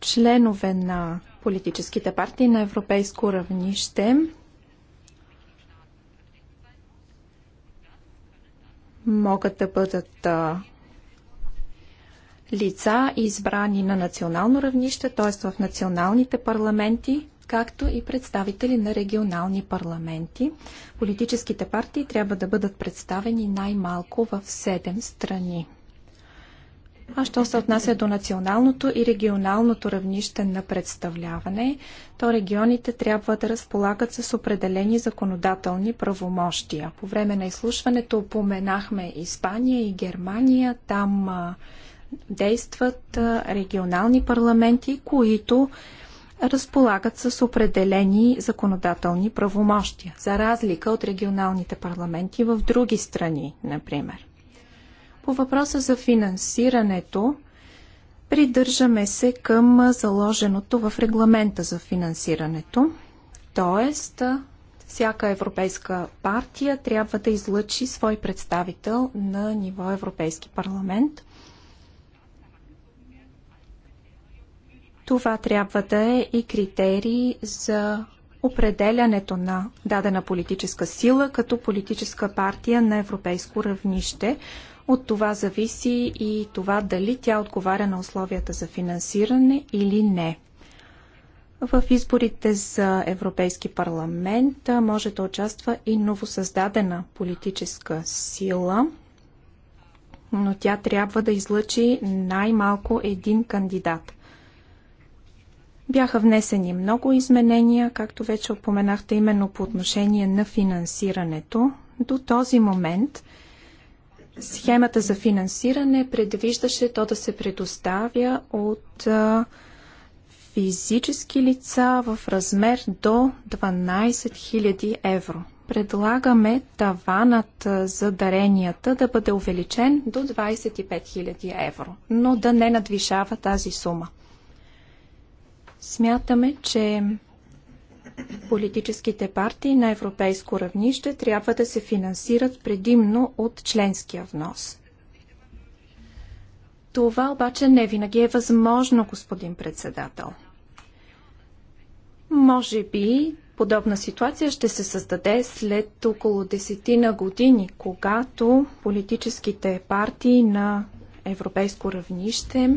Членове на политическите партии на европейско равнище могат да бъдат лица, избрани на национално равнище, т.е. в националните парламенти, както и представители на регионални парламенти. Политическите партии трябва да бъдат представени най-малко в 7 страни. А що се отнася до националното и регионалното равнище на представляване, то регионите трябва да разполагат с определени законодателни правомощия. По време на изслушването упоменахме Испания и Германия. Там а, действат а, регионални парламенти, които разполагат с определени законодателни правомощия, за разлика от регионалните парламенти в други страни, например. По въпроса за финансирането, придържаме се към заложеното в регламента за финансирането. Тоест, всяка европейска партия трябва да излъчи свой представител на ниво Европейски парламент. Това трябва да е и критерий за определянето на дадена политическа сила като политическа партия на европейско равнище, от това зависи и това дали тя отговаря на условията за финансиране или не. В изборите за Европейски парламент може да участва и новосъздадена политическа сила, но тя трябва да излъчи най-малко един кандидат. Бяха внесени много изменения, както вече опоменахте именно по отношение на финансирането. До този момент – Схемата за финансиране предвиждаше то да се предоставя от физически лица в размер до 12 000 евро. Предлагаме таванът за даренията да бъде увеличен до 25 000 евро, но да не надвишава тази сума. Смятаме, че Политическите партии на европейско равнище трябва да се финансират предимно от членския внос. Това обаче не винаги е възможно, господин председател. Може би подобна ситуация ще се създаде след около десетина години, когато политическите партии на европейско равнище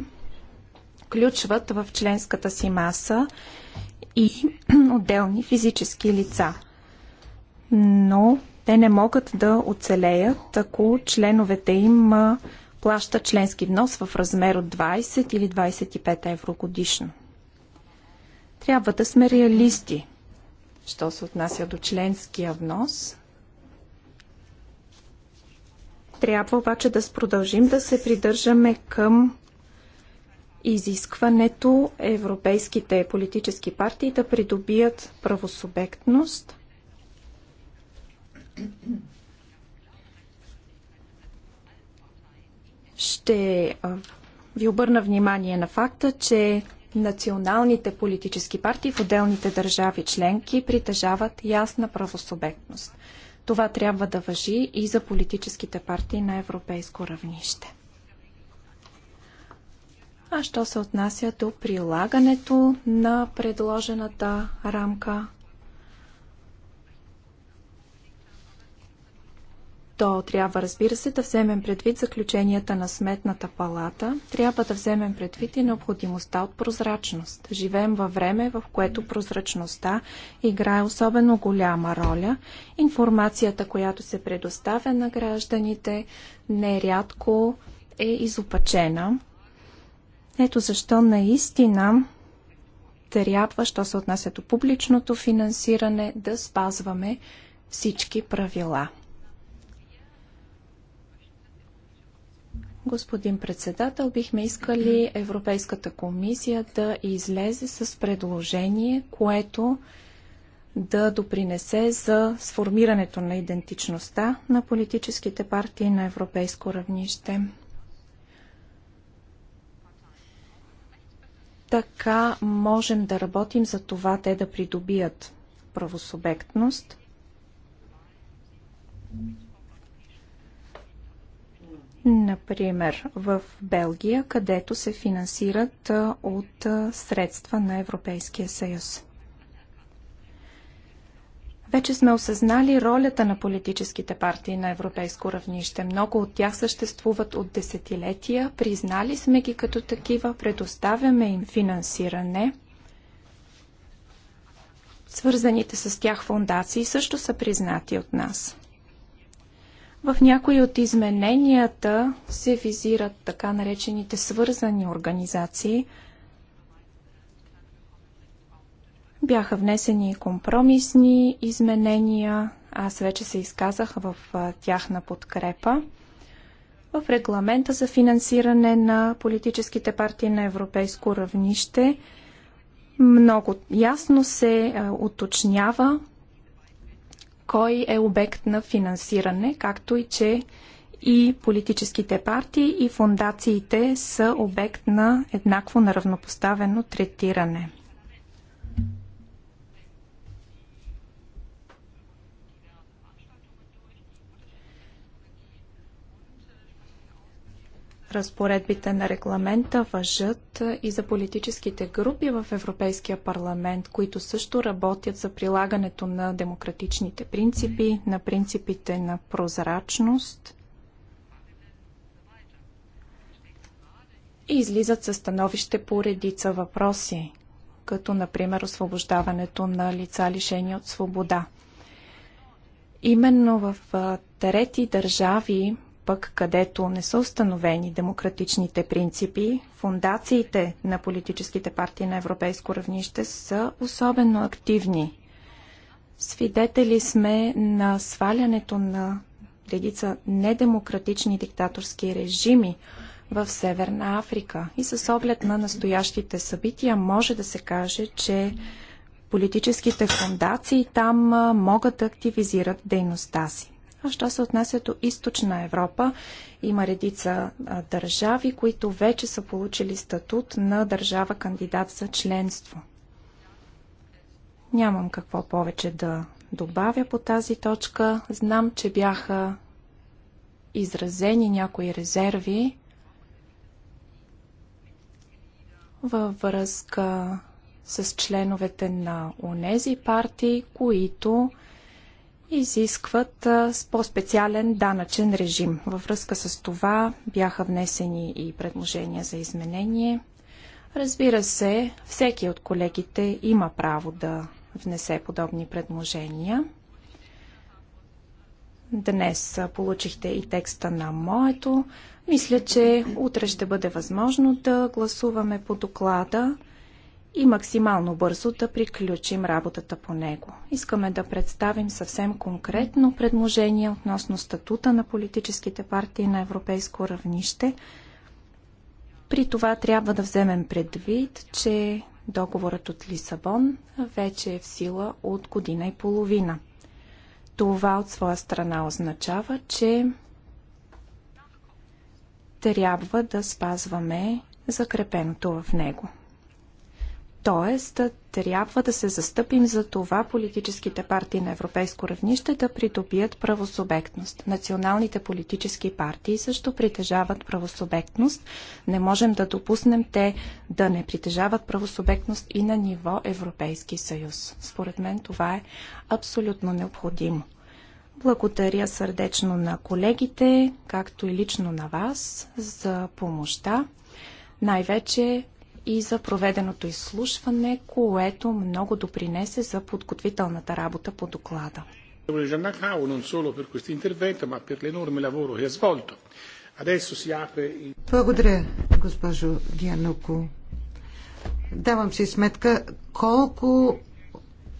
включват в членската си маса и отделни физически лица. Но те не могат да оцелеят, ако членовете им плащат членски внос в размер от 20 или 25 евро годишно. Трябва да сме реалисти, що се отнася до членския внос. Трябва обаче да продължим да се придържаме към изискването европейските политически партии да придобият правосубектност. Ще ви обърна внимание на факта, че националните политически партии в отделните държави членки притежават ясна правосубектност. Това трябва да въжи и за политическите партии на европейско равнище. А що се отнася до прилагането на предложената рамка, то трябва, разбира се, да вземем предвид заключенията на Сметната палата, трябва да вземем предвид и необходимостта от прозрачност. Живеем във време, в което прозрачността играе особено голяма роля. Информацията, която се предоставя на гражданите, нерядко е изопачена. Ето защо наистина трябва, що се отнася до публичното финансиране, да спазваме всички правила. Господин председател, бихме искали Европейската комисия да излезе с предложение, което да допринесе за сформирането на идентичността на политическите партии на европейско равнище. Така можем да работим за това те да придобият правосубектност. Например, в Белгия, където се финансират от средства на Европейския съюз. Вече сме осъзнали ролята на политическите партии на европейско равнище. Много от тях съществуват от десетилетия. Признали сме ги като такива, предоставяме им финансиране. Свързаните с тях фундации също са признати от нас. В някои от измененията се визират така наречените свързани организации – Бяха внесени компромисни изменения. Аз вече се изказах в тяхна подкрепа. В регламента за финансиране на политическите партии на европейско равнище много ясно се уточнява кой е обект на финансиране, както и че и политическите партии и фундациите са обект на еднакво наравнопоставено третиране. Разпоредбите на регламента въжат и за политическите групи в Европейския парламент, които също работят за прилагането на демократичните принципи, на принципите на прозрачност и излизат със становище по редица въпроси, като например освобождаването на лица лишени от свобода. Именно в трети държави пък където не са установени демократичните принципи, фундациите на политическите партии на европейско равнище са особено активни. Свидетели сме на свалянето на редица недемократични диктаторски режими в Северна Африка. И с оглед на настоящите събития може да се каже, че политическите фундации там могат да активизират дейността си. А що се отнася до източна Европа, има редица държави, които вече са получили статут на държава кандидат за членство. Нямам какво повече да добавя по тази точка. Знам, че бяха изразени някои резерви във връзка с членовете на онези партии, които изискват по-специален данъчен режим. Във връзка с това бяха внесени и предложения за изменение. Разбира се, всеки от колегите има право да внесе подобни предложения. Днес получихте и текста на моето. Мисля, че утре ще бъде възможно да гласуваме по доклада и максимално бързо да приключим работата по него. Искаме да представим съвсем конкретно предложение относно статута на политическите партии на европейско равнище. При това трябва да вземем предвид, че договорът от Лисабон вече е в сила от година и половина. Това от своя страна означава, че трябва да спазваме закрепеното в него. Тоест, трябва да се застъпим за това политическите партии на европейско равнище да придобият правосубектност. Националните политически партии също притежават правосубектност. Не можем да допуснем те да не притежават правосубектност и на ниво Европейски съюз. Според мен това е абсолютно необходимо. Благодаря сърдечно на колегите, както и лично на вас за помощта най-вече и за проведеното изслушване, което много допринесе за подготвителната работа по доклада. Благодаря, госпожо Дианоко. Давам си сметка колко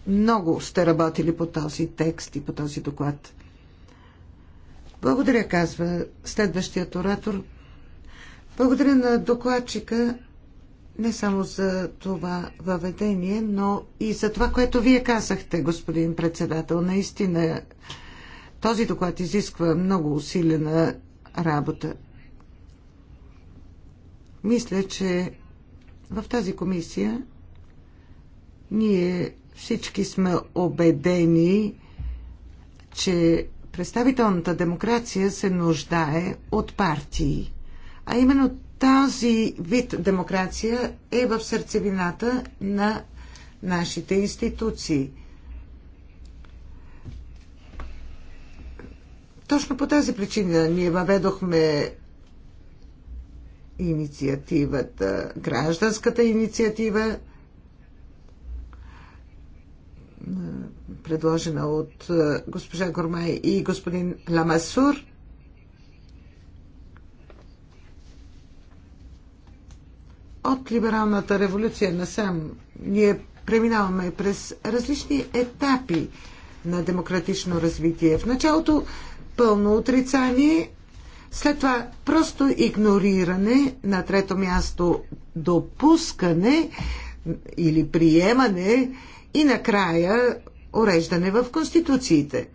много сте работили по този текст и по този доклад. Благодаря, казва следващият оратор. Благодаря на докладчика не само за това въведение, но и за това, което вие казахте, господин председател. Наистина този доклад изисква много усилена работа. Мисля, че в тази комисия ние всички сме убедени, че представителната демокрация се нуждае от партии. А именно тази вид демокрация е в сърцевината на нашите институции. Точно по тази причина ние въведохме инициативата, гражданската инициатива, предложена от госпожа Гормай и господин Ламасур. от либералната революция насам ние преминаваме през различни етапи на демократично развитие. В началото пълно отрицание, след това просто игнориране, на трето място допускане или приемане и накрая уреждане в конституциите.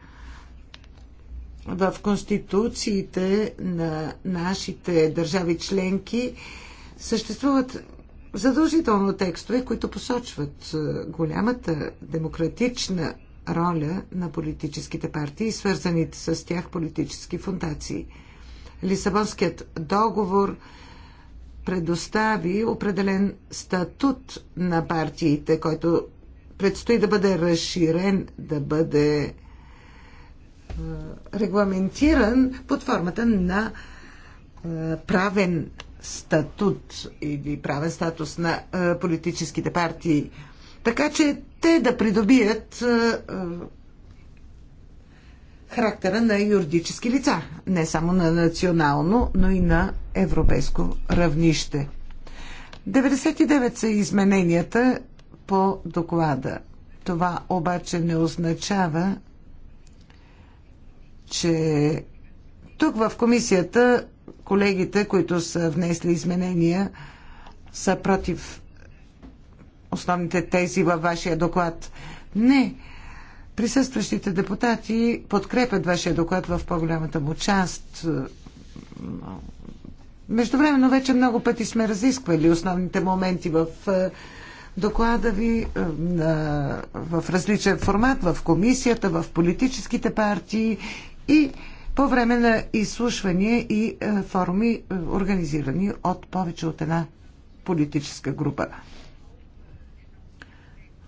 В конституциите на нашите държави членки Съществуват задължително текстове, които посочват е, голямата демократична роля на политическите партии и свързаните с тях политически фундации. Лисабонският договор предостави определен статут на партиите, който предстои да бъде разширен, да бъде е, регламентиран под формата на е, правен статут или правен статус на е, политическите партии, така че те да придобият е, е, характера на юридически лица, не само на национално, но и на европейско равнище. 99 са измененията по доклада. Това обаче не означава, че тук в комисията колегите, които са внесли изменения, са против основните тези във вашия доклад. Не. Присъстващите депутати подкрепят вашия доклад в по-голямата му част. Междувременно вече много пъти сме разисквали основните моменти в е, доклада ви е, в различен формат, в комисията, в политическите партии и по време на изслушвания и е, форуми, е, организирани от повече от една политическа група.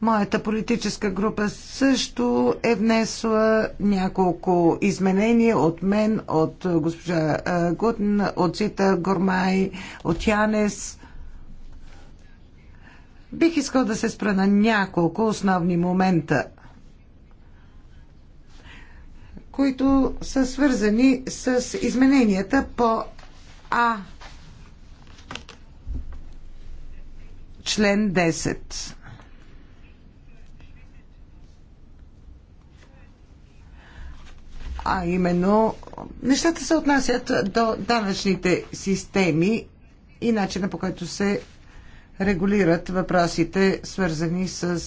Моята политическа група също е внесла няколко изменения от мен, от госпожа е, Гутн, от Сита Гормай, от Янес. Бих искал да се спра на няколко основни момента които са свързани с измененията по А член 10. А именно, нещата се отнасят до данъчните системи и начина по който се регулират въпросите, свързани с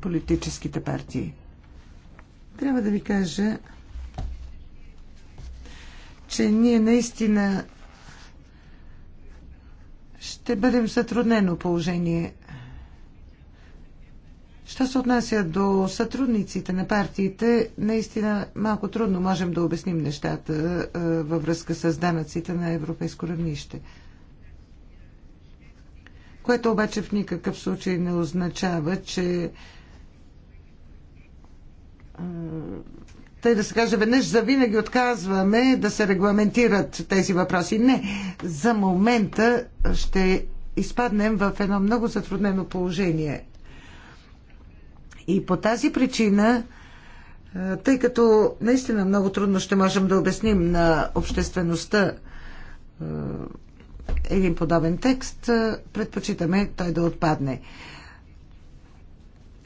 политическите партии. Трябва да ви кажа, че ние наистина ще бъдем в затруднено положение. Що се отнася до сътрудниците на партиите, наистина малко трудно можем да обясним нещата във връзка с данъците на европейско равнище. Което обаче в никакъв случай не означава, че тъй да се каже, веднъж завинаги отказваме да се регламентират тези въпроси. Не, за момента ще изпаднем в едно много затруднено положение. И по тази причина, тъй като наистина много трудно ще можем да обясним на обществеността един подобен текст, предпочитаме той да отпадне.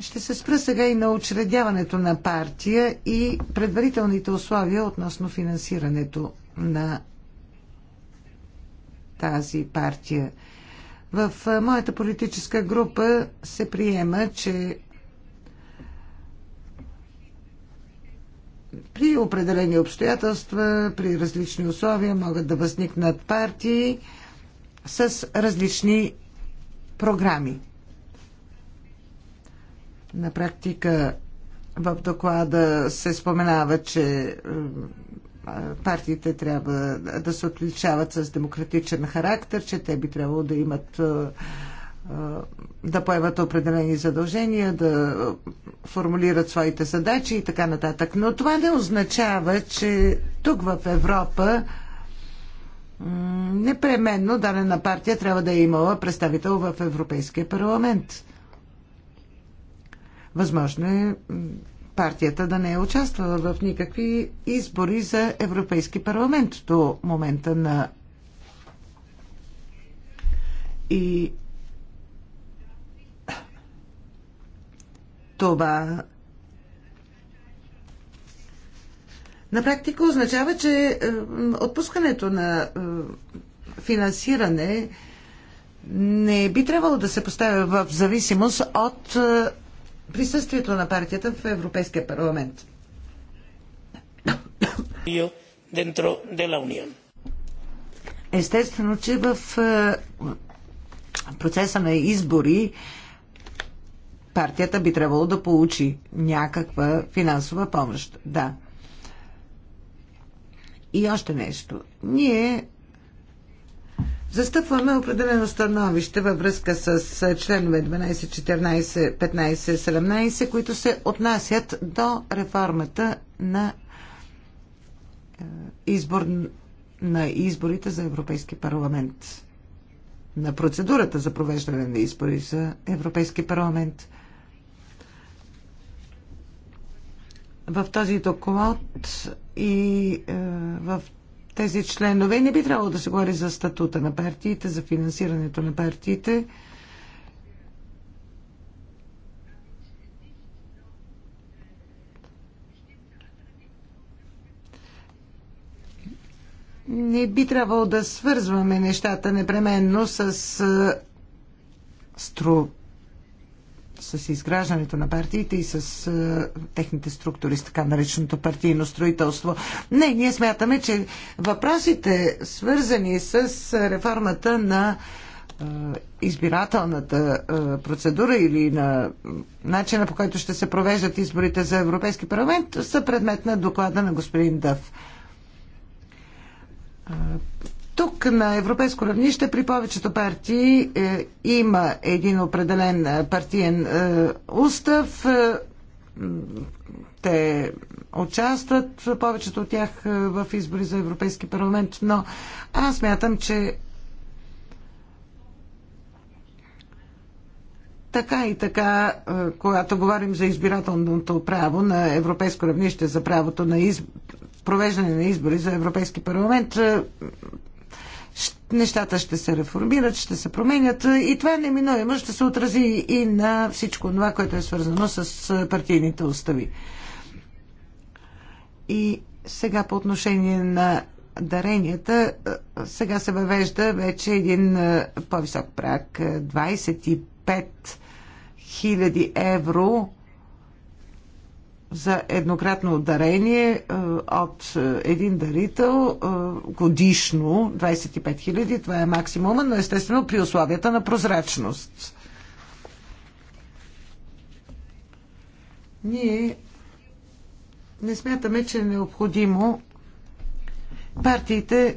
Ще се спра сега и на учредяването на партия и предварителните условия относно финансирането на тази партия. В моята политическа група се приема, че при определени обстоятелства, при различни условия могат да възникнат партии с различни програми. На практика в доклада се споменава, че партиите трябва да се отличават с демократичен характер, че те би трябвало да имат да поемат определени задължения, да формулират своите задачи и така нататък. Но това не означава, че тук в Европа непременно дадена партия трябва да е имала представител в Европейския парламент. Възможно е партията да не е участвала в никакви избори за Европейски парламент до момента на и това на практика означава, че отпускането на финансиране не би трябвало да се поставя в зависимост от присъствието на партията в Европейския парламент. Естествено, че в е, процеса на избори партията би трябвало да получи някаква финансова помощ. Да. И още нещо. Ние Застъпваме определено становище във връзка с членове 12, 14, 15, 17, които се отнасят до реформата на избор на изборите за Европейски парламент. На процедурата за провеждане на избори за Европейски парламент. В този доклад и в тези членове и не би трябвало да се говори за статута на партиите, за финансирането на партиите. не би трябвало да свързваме нещата непременно с стру, с изграждането на партиите и с е, техните структури, с така нареченото партийно строителство. Не, ние смятаме, че въпросите, свързани с реформата на е, избирателната е, процедура или на начина по който ще се провеждат изборите за Европейски парламент са предмет на доклада на господин Дъв. Тук на европейско равнище при повечето партии е, има един определен е, партиен е, устав. Е, те участват, повечето от тях е, в избори за Европейски парламент, но аз мятам, че Така и така, е, когато говорим за избирателното право на европейско равнище, за правото на изб... провеждане на избори за Европейски парламент, нещата ще се реформират, ще се променят и това неминуемо ще се отрази и на всичко това, което е свързано с партийните устави. И сега по отношение на даренията, сега се въвежда вече един по-висок прак 25 000 евро за еднократно дарение е, от е, един дарител е, годишно 25 000. Това е максимума, но естествено при условията на прозрачност. Ние не смятаме, че е необходимо партиите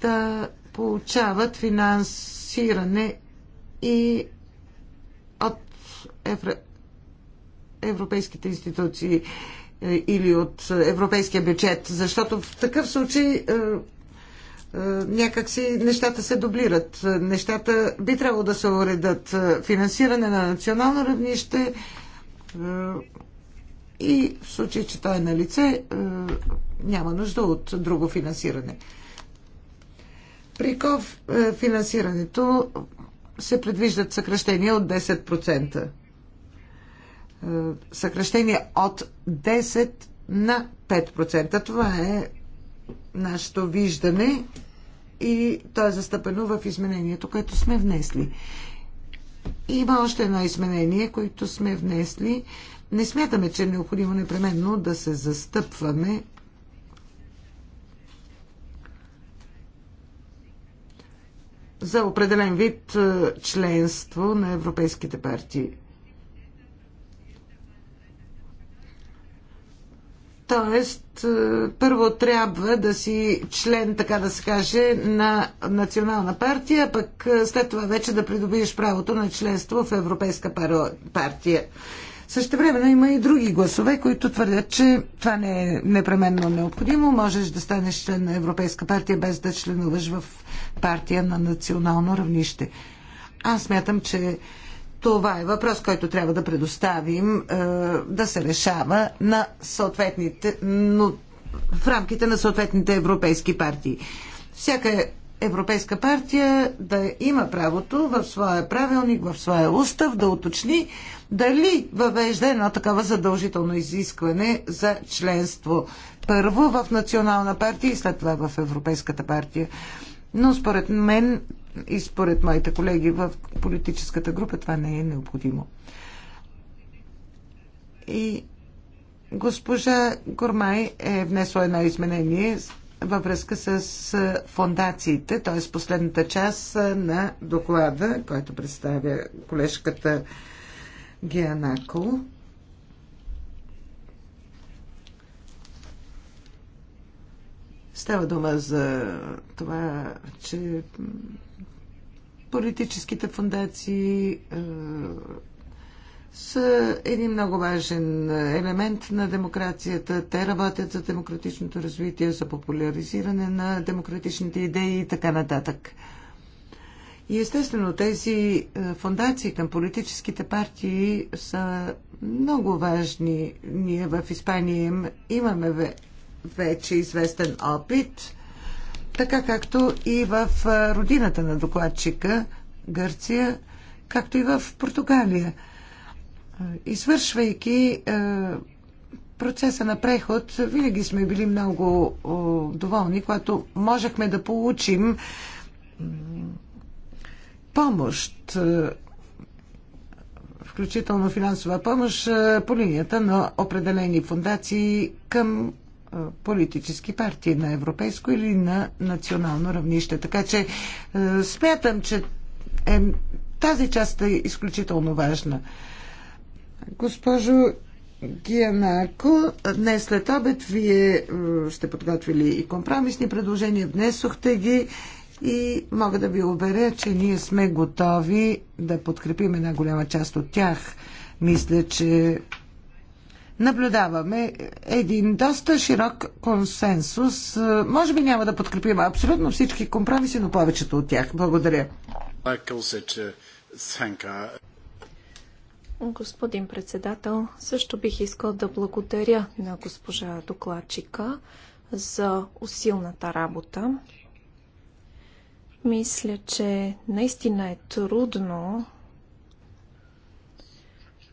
да получават финансиране и от Евро европейските институции е, или от европейския бюджет, защото в такъв случай е, е, някакси нещата се дублират. Нещата би трябвало да се уредат. Финансиране на национално равнище и в случай, че той е на лице, няма нужда от друго финансиране. При ков финансирането се предвиждат съкръщения от 10%. Е, съкръщение от 10 на 5%. Това е нашето виждане и то е застъпено в изменението, което сме внесли. Има още едно изменение, което сме внесли. Не смятаме, че е необходимо непременно да се застъпваме за определен вид е, членство на европейските партии. Тоест, е, първо трябва да си член, така да се каже, на национална партия, пък е, след това вече да придобиеш правото на членство в Европейска партия. Също времено има и други гласове, които твърдят, че това не е непременно необходимо. Можеш да станеш член на Европейска партия без да членуваш в партия на национално равнище. Аз смятам, че това е въпрос, който трябва да предоставим е, да се решава на съответните, но в рамките на съответните европейски партии. Всяка европейска партия да има правото в своя правилник, в своя устав да уточни дали въвежда едно такова задължително изискване за членство. Първо в национална партия и след това в Европейската партия. Но според мен и според моите колеги в политическата група това не е необходимо. И госпожа Гормай е внесла едно изменение във връзка с фондациите, т.е. последната част на доклада, който представя колежката Геанако. Става дума за това, че политическите фундации е, са един много важен елемент на демокрацията. Те работят за демократичното развитие, за популяризиране на демократичните идеи и така нататък. И естествено тези е, фундации към политическите партии са много важни. Ние в Испания имаме вече известен опит така както и в родината на докладчика Гърция, както и в Португалия. Извършвайки процеса на преход, винаги сме били много доволни, когато можехме да получим помощ, включително финансова помощ по линията на определени фундации към политически партии на европейско или на национално равнище. Така че смятам, че е, тази част е изключително важна. Госпожо Гианако, днес след обед вие сте подготвили и компромисни предложения, внесохте ги и мога да ви уверя, че ние сме готови да подкрепим една голяма част от тях. Мисля, че наблюдаваме един доста широк консенсус. Може би няма да подкрепим абсолютно всички компромиси, но повечето от тях. Благодаря. Господин председател, също бих искал да благодаря на госпожа докладчика за усилната работа. Мисля, че наистина е трудно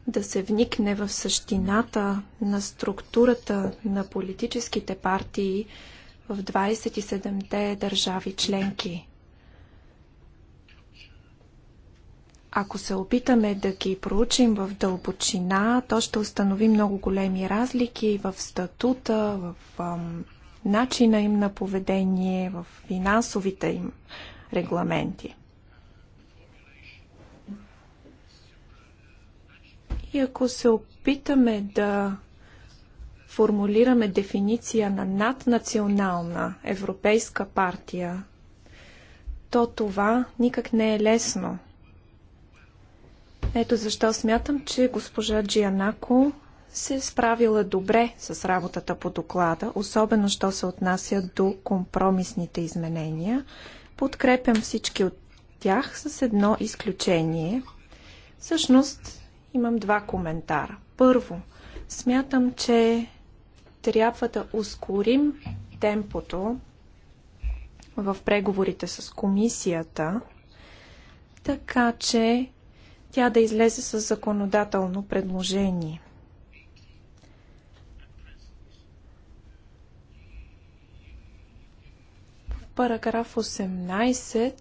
да се вникне в същината на структурата на политическите партии в 27-те държави членки. Ако се опитаме да ги проучим в дълбочина, то ще установи много големи разлики в статута, в ам, начина им на поведение, в финансовите им регламенти. И ако се опитаме да формулираме дефиниция на наднационална европейска партия, то това никак не е лесно. Ето защо смятам, че госпожа Джианако се е справила добре с работата по доклада, особено що се отнася до компромисните изменения. Подкрепям всички от тях с едно изключение. Всъщност, Имам два коментара. Първо, смятам, че трябва да ускорим темпото в преговорите с комисията, така че тя да излезе с законодателно предложение. В параграф 18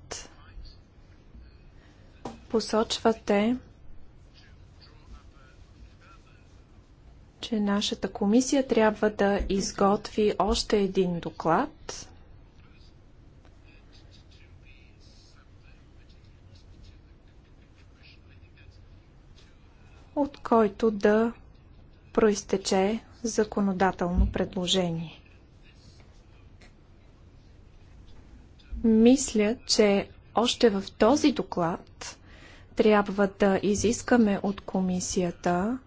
посочвате, че нашата комисия трябва да изготви още един доклад. от който да проистече законодателно предложение. Мисля, че още в този доклад трябва да изискаме от комисията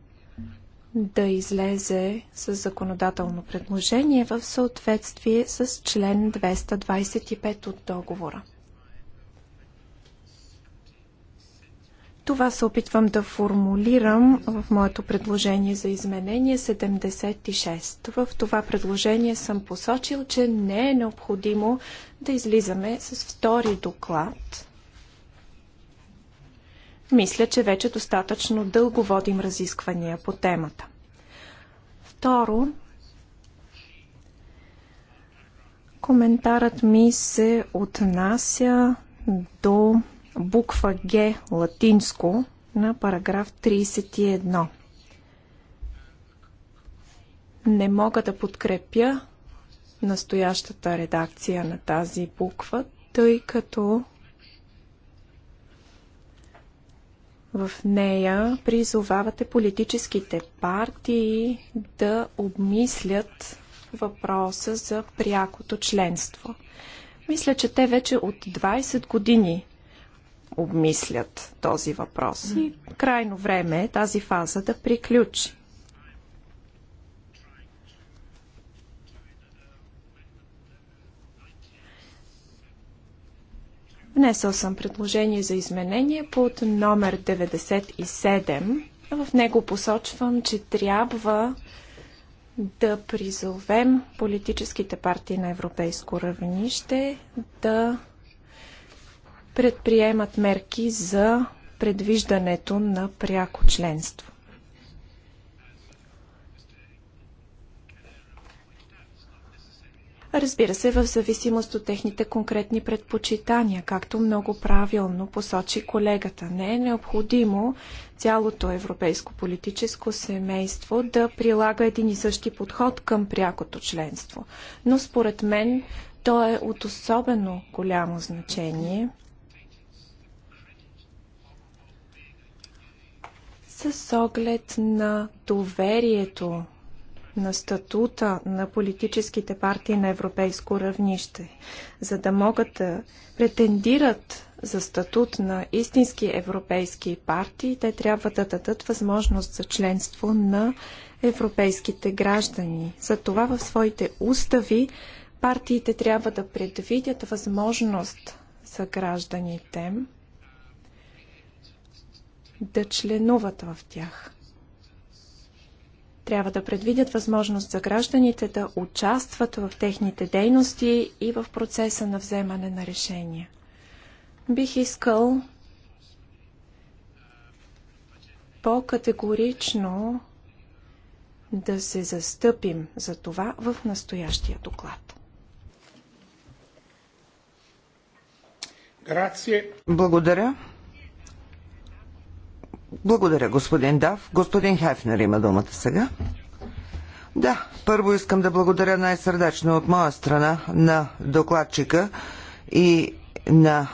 да излезе с законодателно предложение в съответствие с член 225 от договора. Това се опитвам да формулирам в моето предложение за изменение 76. В това предложение съм посочил, че не е необходимо да излизаме с втори доклад мисля, че вече достатъчно дълго водим разисквания по темата. Второ, коментарът ми се отнася до буква Г латинско на параграф 31. Не мога да подкрепя настоящата редакция на тази буква, тъй като В нея призовавате политическите партии да обмислят въпроса за прякото членство. Мисля, че те вече от 20 години обмислят този въпрос. И крайно време е тази фаза да приключи. Внесъл съм предложение за изменение под номер 97. В него посочвам, че трябва да призовем политическите партии на европейско равнище да предприемат мерки за предвиждането на пряко членство. Разбира се, в зависимост от техните конкретни предпочитания, както много правилно посочи колегата. Не е необходимо цялото европейско политическо семейство да прилага един и същи подход към прякото членство. Но според мен то е от особено голямо значение с оглед на доверието на статута на политическите партии на европейско равнище, за да могат да претендират за статут на истински европейски партии, те трябва да дадат възможност за членство на европейските граждани. Затова в своите устави партиите трябва да предвидят възможност за гражданите да членуват в тях. Трябва да предвидят възможност за гражданите да участват в техните дейности и в процеса на вземане на решения. Бих искал по-категорично да се застъпим за това в настоящия доклад. Благодаря. Благодаря, господин Дав. Господин Хефнер има думата сега. Да, първо искам да благодаря най-сърдечно от моя страна на докладчика и на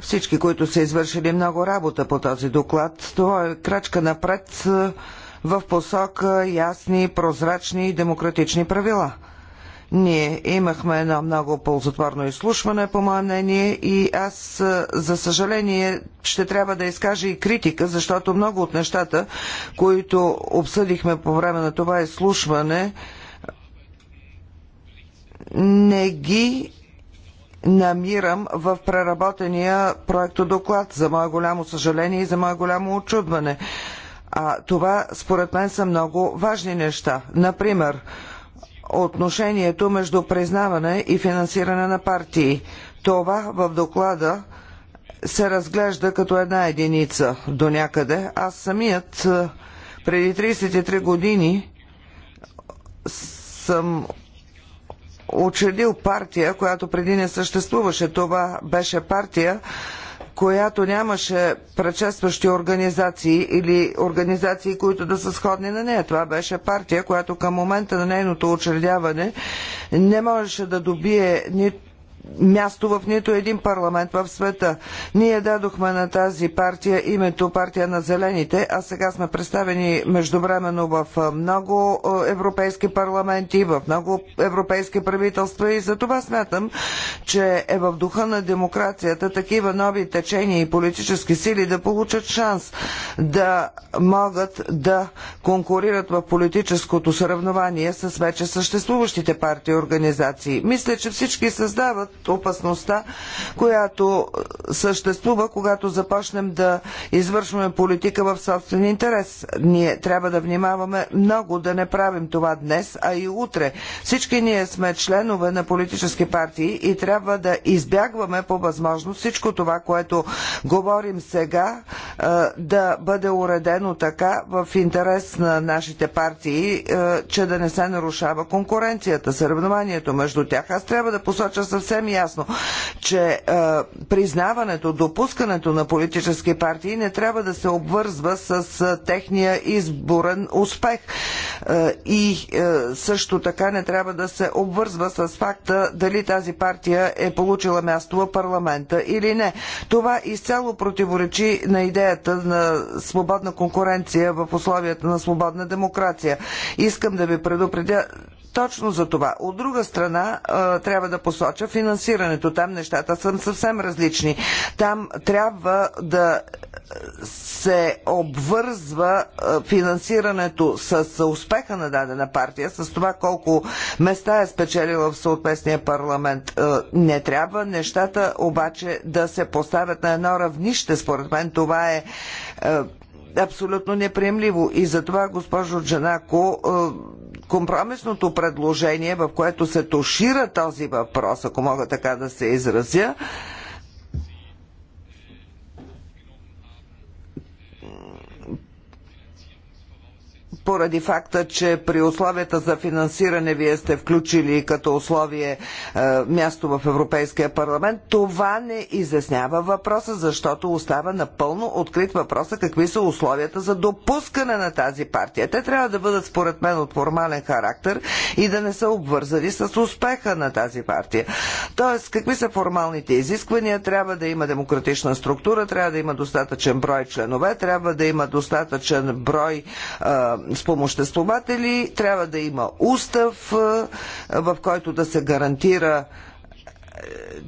всички, които са извършили много работа по този доклад. Това е крачка напред в посока ясни, прозрачни и демократични правила. Ние имахме едно много ползотворно изслушване, по мое мнение, и аз, за съжаление, ще трябва да изкажа и критика, защото много от нещата, които обсъдихме по време на това изслушване, не ги намирам в преработения проектодоклад, за мое голямо съжаление и за мое голямо очудване. А това, според мен, са много важни неща. Например, отношението между признаване и финансиране на партии. Това в доклада се разглежда като една единица до някъде. Аз самият е, преди 33 години съм учредил партия, която преди не съществуваше. Това беше партия, която нямаше предшестващи организации или организации, които да са сходни на нея. Това беше партия, която към момента на нейното учредяване не можеше да добие нито място в нито един парламент в света. Ние дадохме на тази партия името партия на зелените, а сега сме представени междувременно в много европейски парламенти, в много европейски правителства и за това смятам, че е в духа на демокрацията такива нови течения и политически сили да получат шанс да могат да конкурират в политическото съревнование с вече съществуващите партии и организации. Мисля, че всички създават опасността, която съществува, когато започнем да извършваме политика в собствен интерес. Ние трябва да внимаваме много да не правим това днес, а и утре. Всички ние сме членове на политически партии и трябва да избягваме по възможност всичко това, което говорим сега, да бъде уредено така в интерес на нашите партии, че да не се нарушава конкуренцията, съревнованието между тях. Аз трябва да посоча съвсем съвсем ясно, че е, признаването, допускането на политически партии не трябва да се обвързва с е, техния изборен успех е, и е, също така не трябва да се обвързва с факта дали тази партия е получила място в парламента или не. Това изцяло противоречи на идеята на свободна конкуренция в условията на свободна демокрация. Искам да ви предупредя точно за това. От друга страна, трябва да посоча финансирането. Там нещата са съвсем различни. Там трябва да се обвързва финансирането с успеха на дадена партия, с това колко места е спечелила в съответния парламент. Не трябва нещата обаче да се поставят на едно равнище. Според мен това е абсолютно неприемливо. И затова, госпожо Джанако, компромисното предложение, в което се тушира този въпрос, ако мога така да се изразя, поради факта, че при условията за финансиране вие сте включили като условие е, място в Европейския парламент, това не изяснява въпроса, защото остава напълно открит въпроса какви са условията за допускане на тази партия. Те трябва да бъдат според мен от формален характер и да не са обвързани с успеха на тази партия. Тоест, какви са формалните изисквания? Трябва да има демократична структура, трябва да има достатъчен брой членове, трябва да има достатъчен брой е, с спомоществователи. Трябва да има устав, в който да се гарантира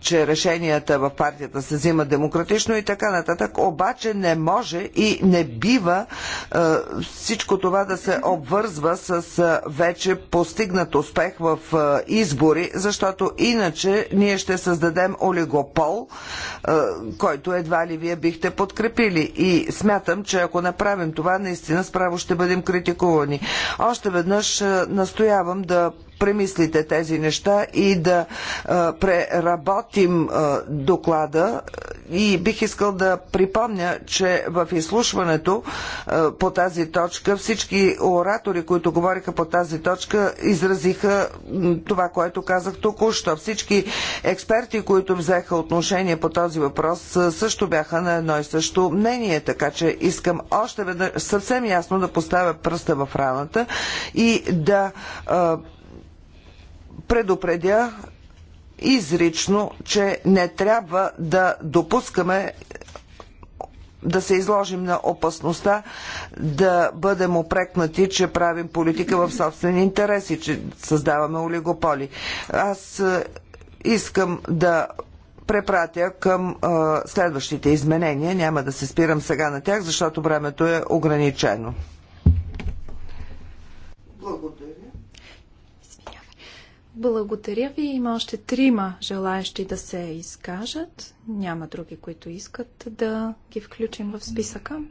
че решенията в партията се взимат демократично и така нататък, обаче не може и не бива е, всичко това да се обвързва с е, вече постигнат успех в е, избори, защото иначе ние ще създадем олигопол, който едва ли вие бихте подкрепили. И смятам, че ако направим това, наистина справо ще бъдем критикувани. Още веднъж настоявам да премислите тези неща и да преработим доклада. И бих искал да припомня, че в изслушването по тази точка всички оратори, които говориха по тази точка, изразиха това, което казах току-що. Всички експерти, които взеха отношение по този въпрос, също бяха на едно и също мнение. Така че искам още веднъж съвсем ясно да поставя пръста в раната и да предупредя изрично, че не трябва да допускаме да се изложим на опасността да бъдем опрекнати, че правим политика в собствени интереси, че създаваме олигополи. Аз е, искам да препратя към а, е, следващите изменения. Няма да се спирам сега на тях, защото времето е ограничено. Благодаря. Благодаря ви. Има още трима желаящи да се изкажат. Няма други, които искат да ги включим в списъка.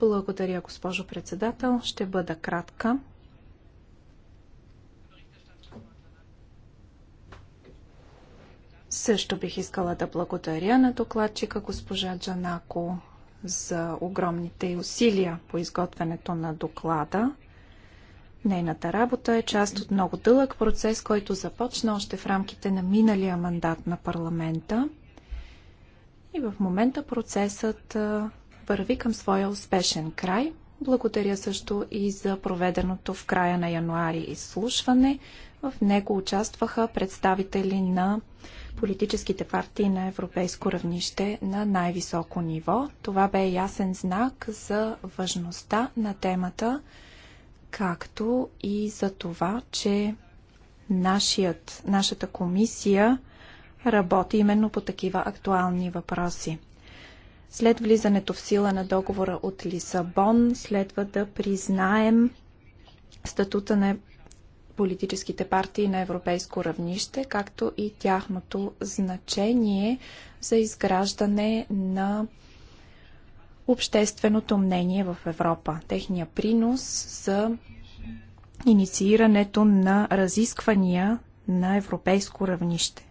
Благодаря, госпожо председател. Ще бъда кратка. Също бих искала да благодаря на докладчика госпожа Джанако за огромните усилия по изготвянето на доклада. Нейната работа е част от много дълъг процес, който започна още в рамките на миналия мандат на парламента. И в момента процесът върви към своя успешен край. Благодаря също и за проведеното в края на януари изслушване. В него участваха представители на политическите партии на европейско равнище на най-високо ниво. Това бе ясен знак за важността на темата – както и за това, че нашият, нашата комисия работи именно по такива актуални въпроси. След влизането в сила на договора от Лисабон следва да признаем статута на политическите партии на европейско равнище, както и тяхното значение за изграждане на общественото мнение в Европа. Техния принос за инициирането на разисквания на европейско равнище.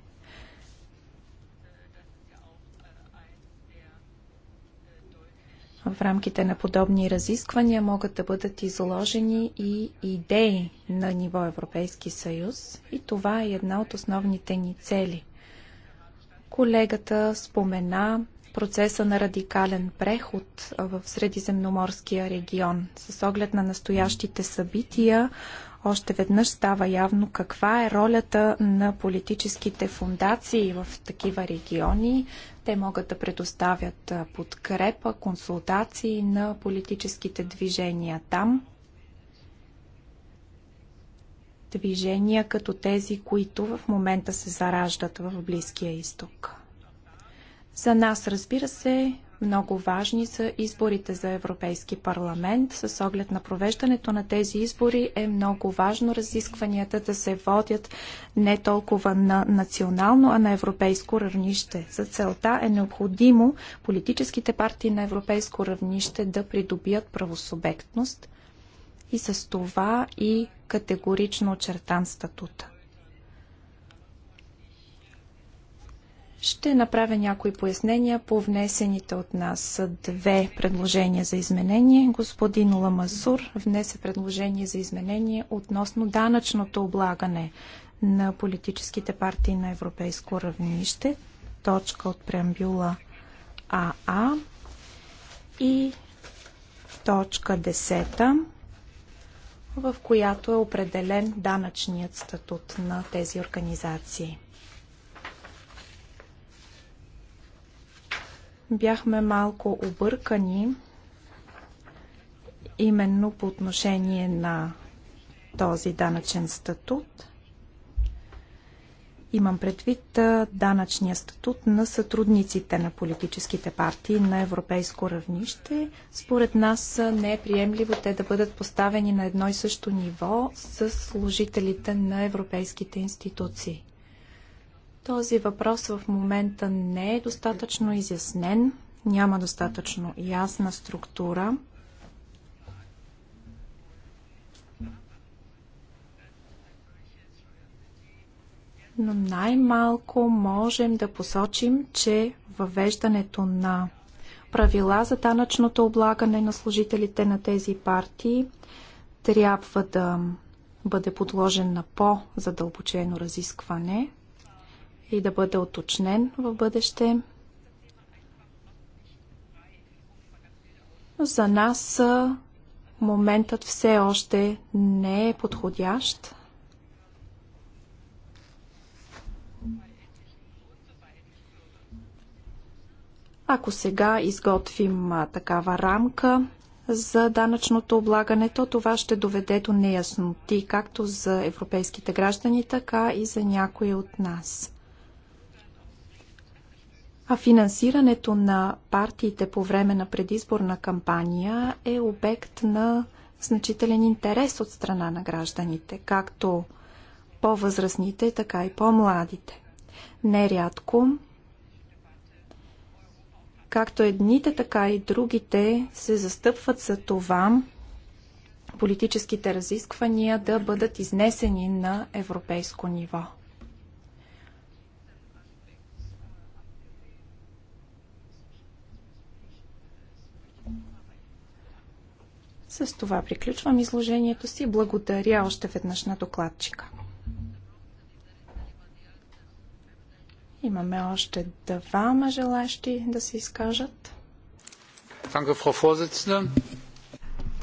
В рамките на подобни разисквания могат да бъдат изложени и идеи на ниво Европейски съюз и това е една от основните ни цели. Колегата спомена процеса на радикален преход в Средиземноморския регион. С оглед на настоящите събития, още веднъж става явно каква е ролята на политическите фундации в такива региони. Те могат да предоставят подкрепа, консултации на политическите движения там. Движения като тези, които в момента се зараждат в Близкия изток. За нас, разбира се, много важни са изборите за Европейски парламент. С оглед на провеждането на тези избори е много важно разискванията да се водят не толкова на национално, а на европейско равнище. За целта е необходимо политическите партии на европейско равнище да придобият правосубектност и с това и категорично очертан статута. Ще направя някои пояснения по внесените от нас две предложения за изменение. Господин Ламасур внесе предложение за изменение относно данъчното облагане на политическите партии на европейско равнище, точка от преамбюла АА и точка 10, в която е определен данъчният статут на тези организации. бяхме малко объркани именно по отношение на този данъчен статут. Имам предвид данъчния статут на сътрудниците на политическите партии на европейско равнище. Според нас не е приемливо те да бъдат поставени на едно и също ниво с служителите на европейските институции. Този въпрос в момента не е достатъчно изяснен, няма достатъчно ясна структура. но най-малко можем да посочим, че въвеждането на правила за данъчното облагане на служителите на тези партии трябва да бъде подложен на по-задълбочено разискване и да бъде уточнен в бъдеще. За нас моментът все още не е подходящ. Ако сега изготвим такава рамка за данъчното облагане, то това ще доведе до неясноти както за европейските граждани, така и за някои от нас. А финансирането на партиите по време на предизборна кампания е обект на значителен интерес от страна на гражданите, както по-възрастните, така и по-младите. Нерядко, както едните, така и другите се застъпват за това политическите разисквания да бъдат изнесени на европейско ниво. С това приключвам изложението си. Благодаря още веднъж на докладчика. Имаме още двама желащи да се изкажат.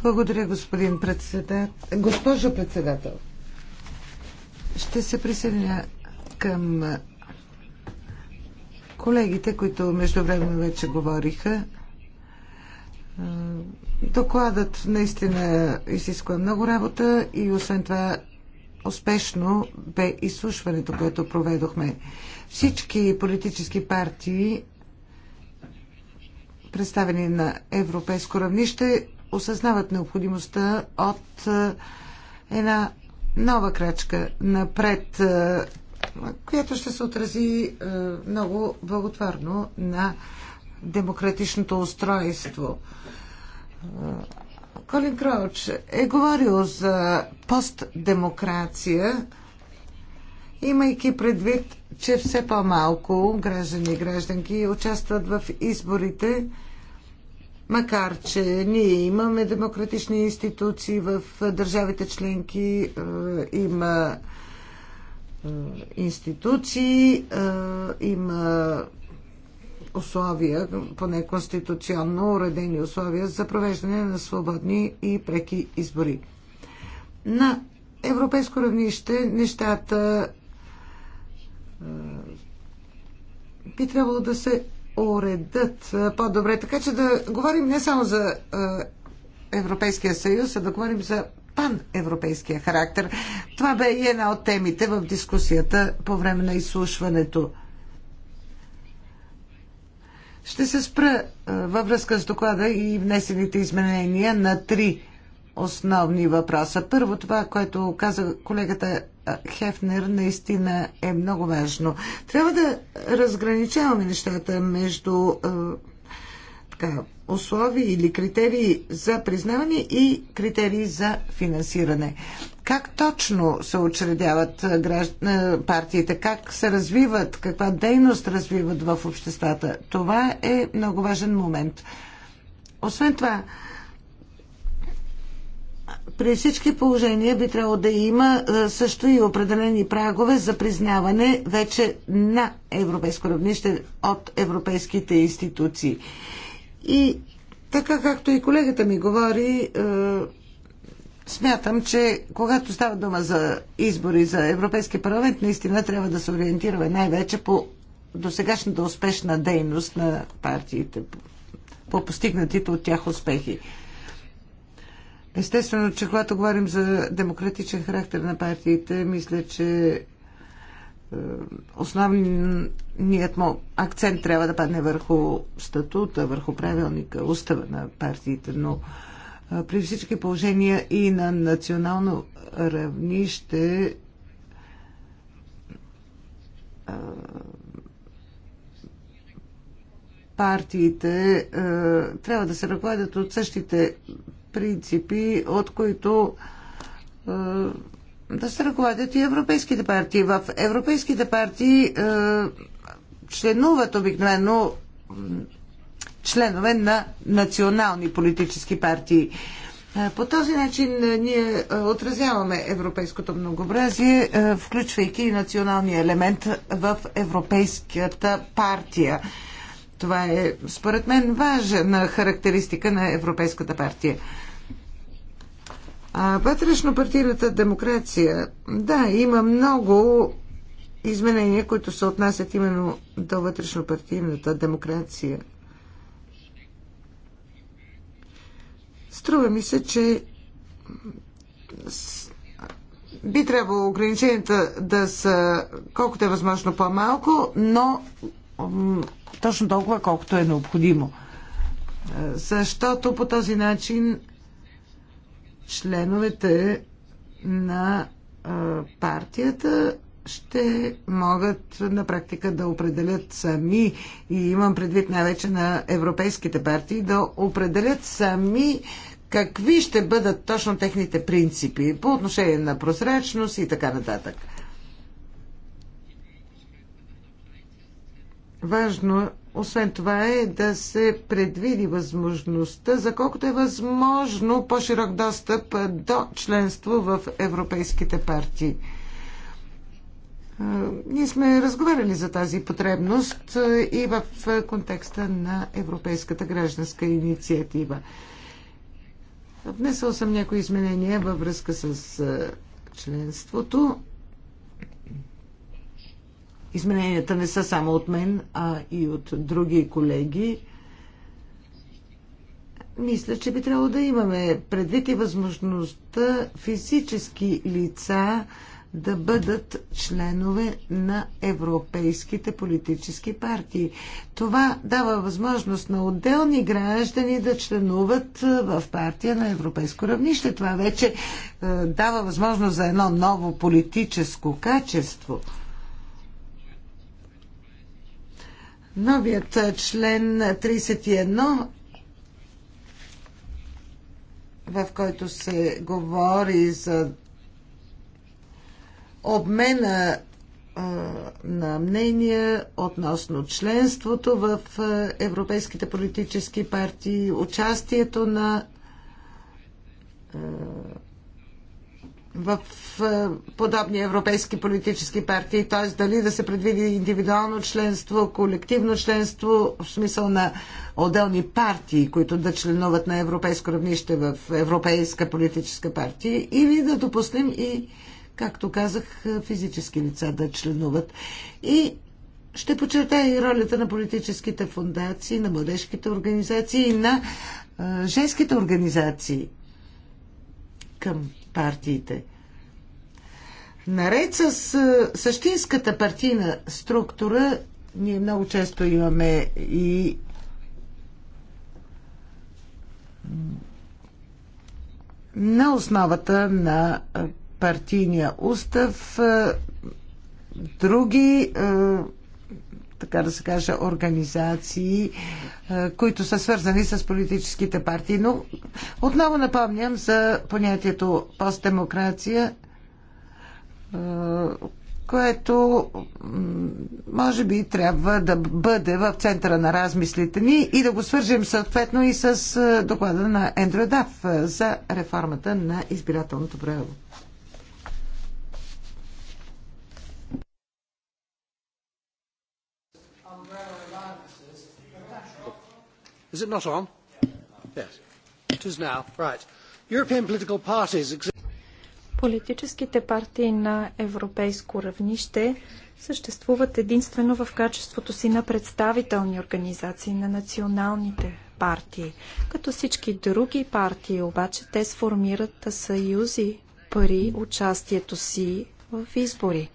Благодаря, господин председател. Госпожо председател, ще се присъединя към колегите, които междувременно вече говориха. Докладът наистина изисква много работа и освен това успешно бе изслушването, което проведохме. Всички политически партии, представени на европейско равнище, осъзнават необходимостта от една нова крачка напред, която ще се отрази много благотворно на демократичното устройство. Колин Кроуч е говорил за постдемокрация, имайки предвид, че все по-малко граждани и гражданки участват в изборите, макар че ние имаме демократични институции в държавите членки, е, има е, институции, е, има условия, поне конституционно уредени условия за провеждане на свободни и преки избори. На европейско равнище нещата е, би трябвало да се уредат по-добре. Така че да говорим не само за е, Европейския съюз, а да говорим за паневропейския характер. Това бе и една от темите в дискусията по време на изслушването. Ще се спра е, във връзка с доклада и внесените изменения на три основни въпроса. Първо, това, което каза колегата е, Хефнер, наистина е много важно. Трябва да разграничаваме нещата между е, така, условия или критерии за признаване и критерии за финансиране. Как точно се учредяват граждан, партиите, как се развиват, каква дейност развиват в обществата, това е много важен момент. Освен това, при всички положения би трябвало да има също и определени прагове за признаване вече на европейско равнище от европейските институции. И така както и колегата ми говори, е, смятам, че когато става дума за избори за Европейски парламент, наистина трябва да се ориентираме най-вече по досегашната успешна дейност на партиите, по постигнатите от тях успехи. Естествено, че когато говорим за демократичен характер на партиите, мисля, че е, основният му акцент трябва да падне върху статута, върху правилника, устава на партиите, но е, при всички положения и на национално равнище е, партиите трябва да се ръководят от същите принципи, от които да се ръководят и европейските партии. В европейските партии е, членуват обикновено членове на национални политически партии. Е, по този начин е, ние е, отразяваме европейското многообразие, включвайки и националния елемент в Европейската партия. Това е, според мен, важна характеристика на Европейската партия. А вътрешно-партийната демокрация, да, има много изменения, които се отнасят именно до вътрешно-партийната демокрация. Струва ми се, че би трябвало ограниченията да са колкото е възможно по-малко, но точно толкова колкото е необходимо. Е, защото по този начин членовете на партията ще могат на практика да определят сами, и имам предвид най-вече на европейските партии, да определят сами какви ще бъдат точно техните принципи по отношение на прозрачност и така нататък. Важно освен това е да се предвиди възможността, за колкото е възможно, по-широк достъп до членство в европейските партии. Ние сме разговаряли за тази потребност и в контекста на Европейската гражданска инициатива. Внесъл съм някои изменения във връзка с членството. Измененията не са само от мен, а и от други колеги. Мисля, че би трябвало да имаме предвид и възможността физически лица да бъдат членове на европейските политически партии. Това дава възможност на отделни граждани да членуват в партия на европейско равнище. Това вече дава възможност за едно ново политическо качество – Новият член 31, в който се говори за обмена на мнения относно членството в европейските политически партии, участието на в е, подобни европейски политически партии, т.е. дали да се предвиди индивидуално членство, колективно членство, в смисъл на отделни партии, които да членуват на европейско равнище в Европейска политическа партия, или да допуснем и, както казах, физически лица да членуват. И ще почерта и ролята на политическите фундации, на младежките организации и на е, женските организации към партиите. Наред с същинската партийна структура, ние много често имаме и на основата на партийния устав други така да се каже, организации, е, които са свързани с политическите партии. Но отново напомням за понятието постдемокрация, е, което може би трябва да бъде в центъра на размислите ни и да го свържем съответно и с е, доклада на Ендрю Даф за реформата на избирателното право. Is it not on? Yes. It is now. Right. European political parties Политическите партии на европейско равнище съществуват единствено в качеството си на представителни организации на националните партии. Като всички други партии обаче те сформират съюзи при участието си в избори.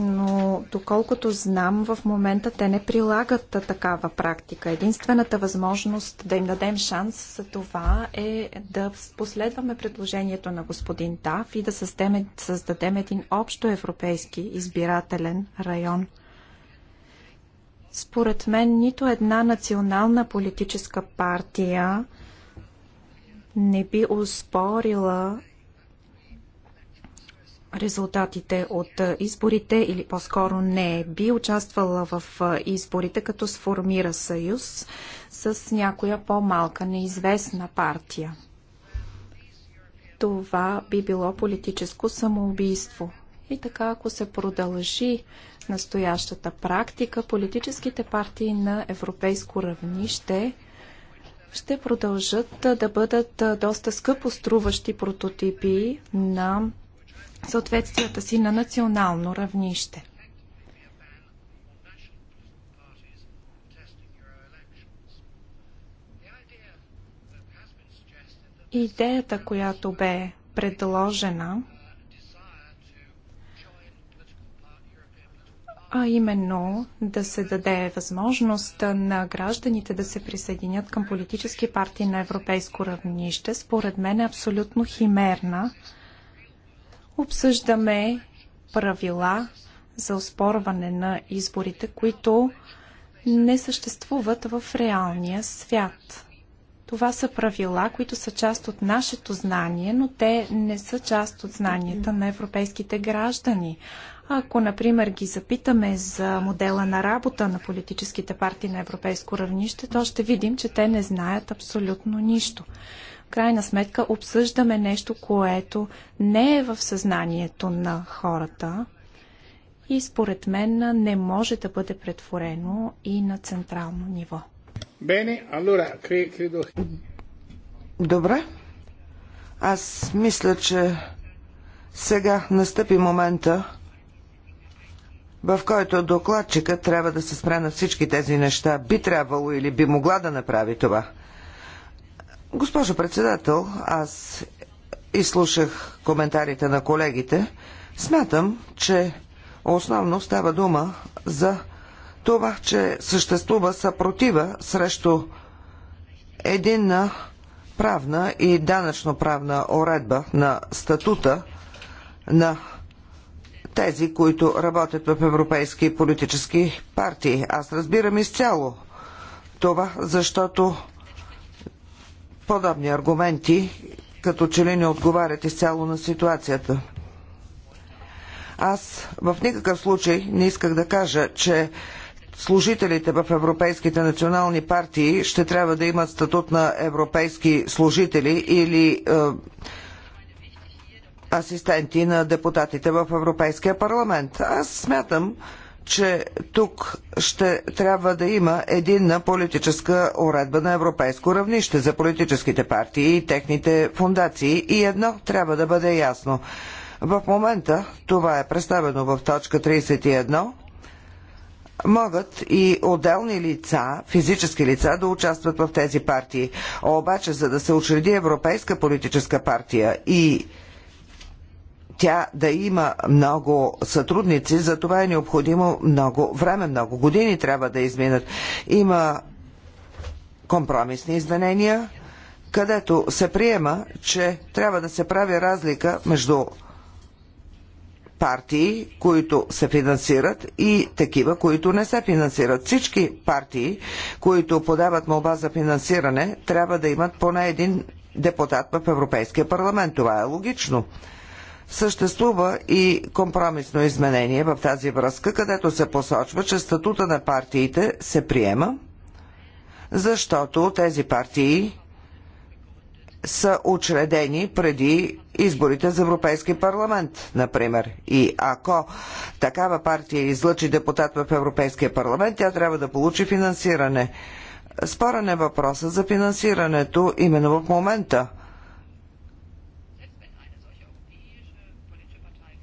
но доколкото знам, в момента те не прилагат такава практика. Единствената възможност да им дадем шанс за това е да последваме предложението на господин Тав и да създадем, създадем един общо европейски избирателен район. Според мен нито една национална политическа партия не би успорила резултатите от изборите или по-скоро не е би участвала в изборите, като сформира съюз с някоя по-малка неизвестна партия. Това би било политическо самоубийство. И така, ако се продължи настоящата практика, политическите партии на европейско равнище ще продължат да бъдат доста скъпо струващи прототипи на съответствията си на национално равнище. Идеята, която бе предложена, а именно да се даде възможност на гражданите да се присъединят към политически партии на европейско равнище, според мен е абсолютно химерна, обсъждаме правила за оспорване на изборите, които не съществуват в реалния свят. Това са правила, които са част от нашето знание, но те не са част от знанията на европейските граждани. Ако, например, ги запитаме за модела на работа на политическите партии на европейско равнище, то ще видим, че те не знаят абсолютно нищо крайна сметка обсъждаме нещо, което не е в съзнанието на хората и според мен не може да бъде претворено и на централно ниво. Бене, allora, credo... Добре. Аз мисля, че сега настъпи момента, в който докладчика трябва да се спре на всички тези неща. Би трябвало или би могла да направи това. Госпожо председател, аз изслушах коментарите на колегите. Смятам, че основно става дума за това, че съществува съпротива срещу единна правна и данъчно-правна уредба на статута на тези, които работят в европейски политически партии. Аз разбирам изцяло това, защото Подобни аргументи като че ли не отговарят изцяло на ситуацията. Аз в никакъв случай не исках да кажа, че служителите в европейските национални партии ще трябва да имат статут на европейски служители или е, асистенти на депутатите в Европейския парламент. Аз смятам, че тук ще трябва да има единна политическа уредба на европейско равнище за политическите партии и техните фундации. И едно трябва да бъде ясно. В момента това е представено в точка 31 могат и отделни лица, физически лица, да участват в тези партии. Обаче, за да се учреди Европейска политическа партия и тя да има много сътрудници, за това е необходимо много време, много години трябва да изминат. Има компромисни изменения, където се приема, че трябва да се прави разлика между партии, които се финансират и такива, които не се финансират. Всички партии, които подават молба за финансиране, трябва да имат поне един депутат в Европейския парламент. Това е логично. Съществува и компромисно изменение в тази връзка, където се посочва, че статута на партиите се приема, защото тези партии са учредени преди изборите за Европейски парламент, например. И ако такава партия излъчи депутат в Европейския парламент, тя трябва да получи финансиране. Спорен е въпросът за финансирането именно в момента.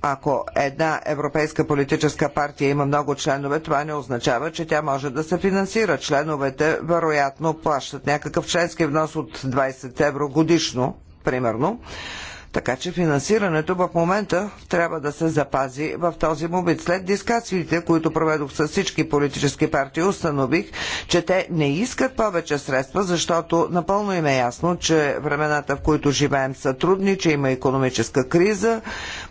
ако една европейска политическа партия има много членове, това не означава, че тя може да се финансира. Членовете вероятно плащат някакъв членски внос от 20 евро годишно, примерно. Така че финансирането в момента трябва да се запази в този му вид. След дискациите, които проведох с всички политически партии, установих, че те не искат повече средства, защото напълно им е ясно, че времената, в които живеем, са трудни, че има економическа криза,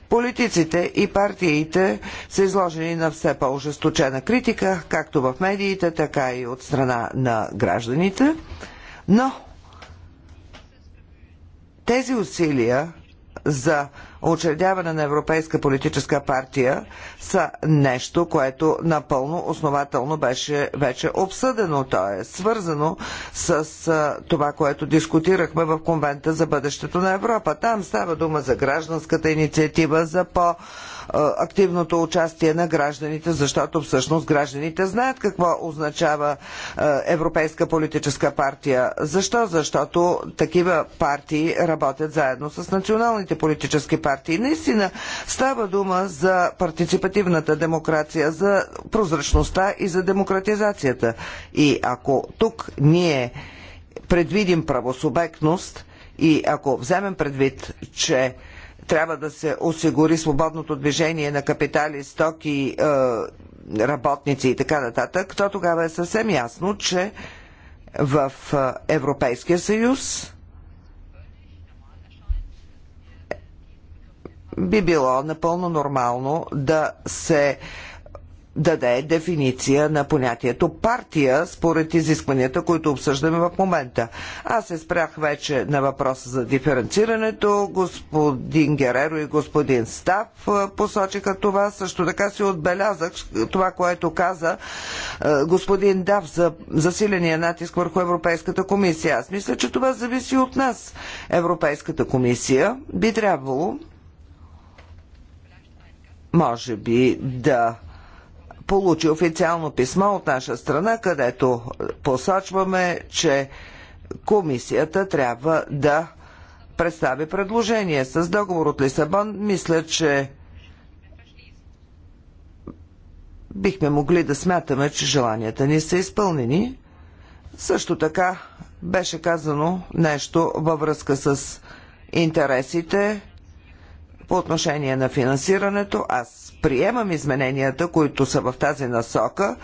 Политиците и партиите са изложени на все по-ожесточена критика, както в медиите, така и от страна на гражданите. Но тези усилия за учредяване на Европейска политическа партия са нещо, което напълно основателно беше вече обсъдено. То е свързано с това, което дискутирахме в Конвента за бъдещето на Европа. Там става дума за гражданската инициатива, за по- активното участие на гражданите, защото всъщност гражданите знаят какво означава Европейска политическа партия. Защо? Защото такива партии работят заедно с националните политически партии. Наистина става дума за партиципативната демокрация, за прозрачността и за демократизацията. И ако тук ние предвидим правосубектност и ако вземем предвид, че трябва да се осигури свободното движение на капитали, стоки, е, работници и така нататък, то тогава е съвсем ясно, че в е, Европейския съюз би било напълно нормално да се даде дефиниция на понятието партия според изискванията, които обсъждаме в момента. Аз се спрях вече на въпроса за диференцирането. Господин Гереро и господин Став посочиха това. Също така си отбелязах това, което каза господин Дав за засиления натиск върху Европейската комисия. Аз мисля, че това зависи от нас. Европейската комисия би трябвало може би да получи официално писмо от наша страна, където посочваме, че комисията трябва да представи предложение. С договор от Лисабон мисля, че бихме могли да смятаме, че желанията ни са изпълнени. Също така беше казано нещо във връзка с интересите по отношение на финансирането. Аз приемам измененията, които са в тази насока.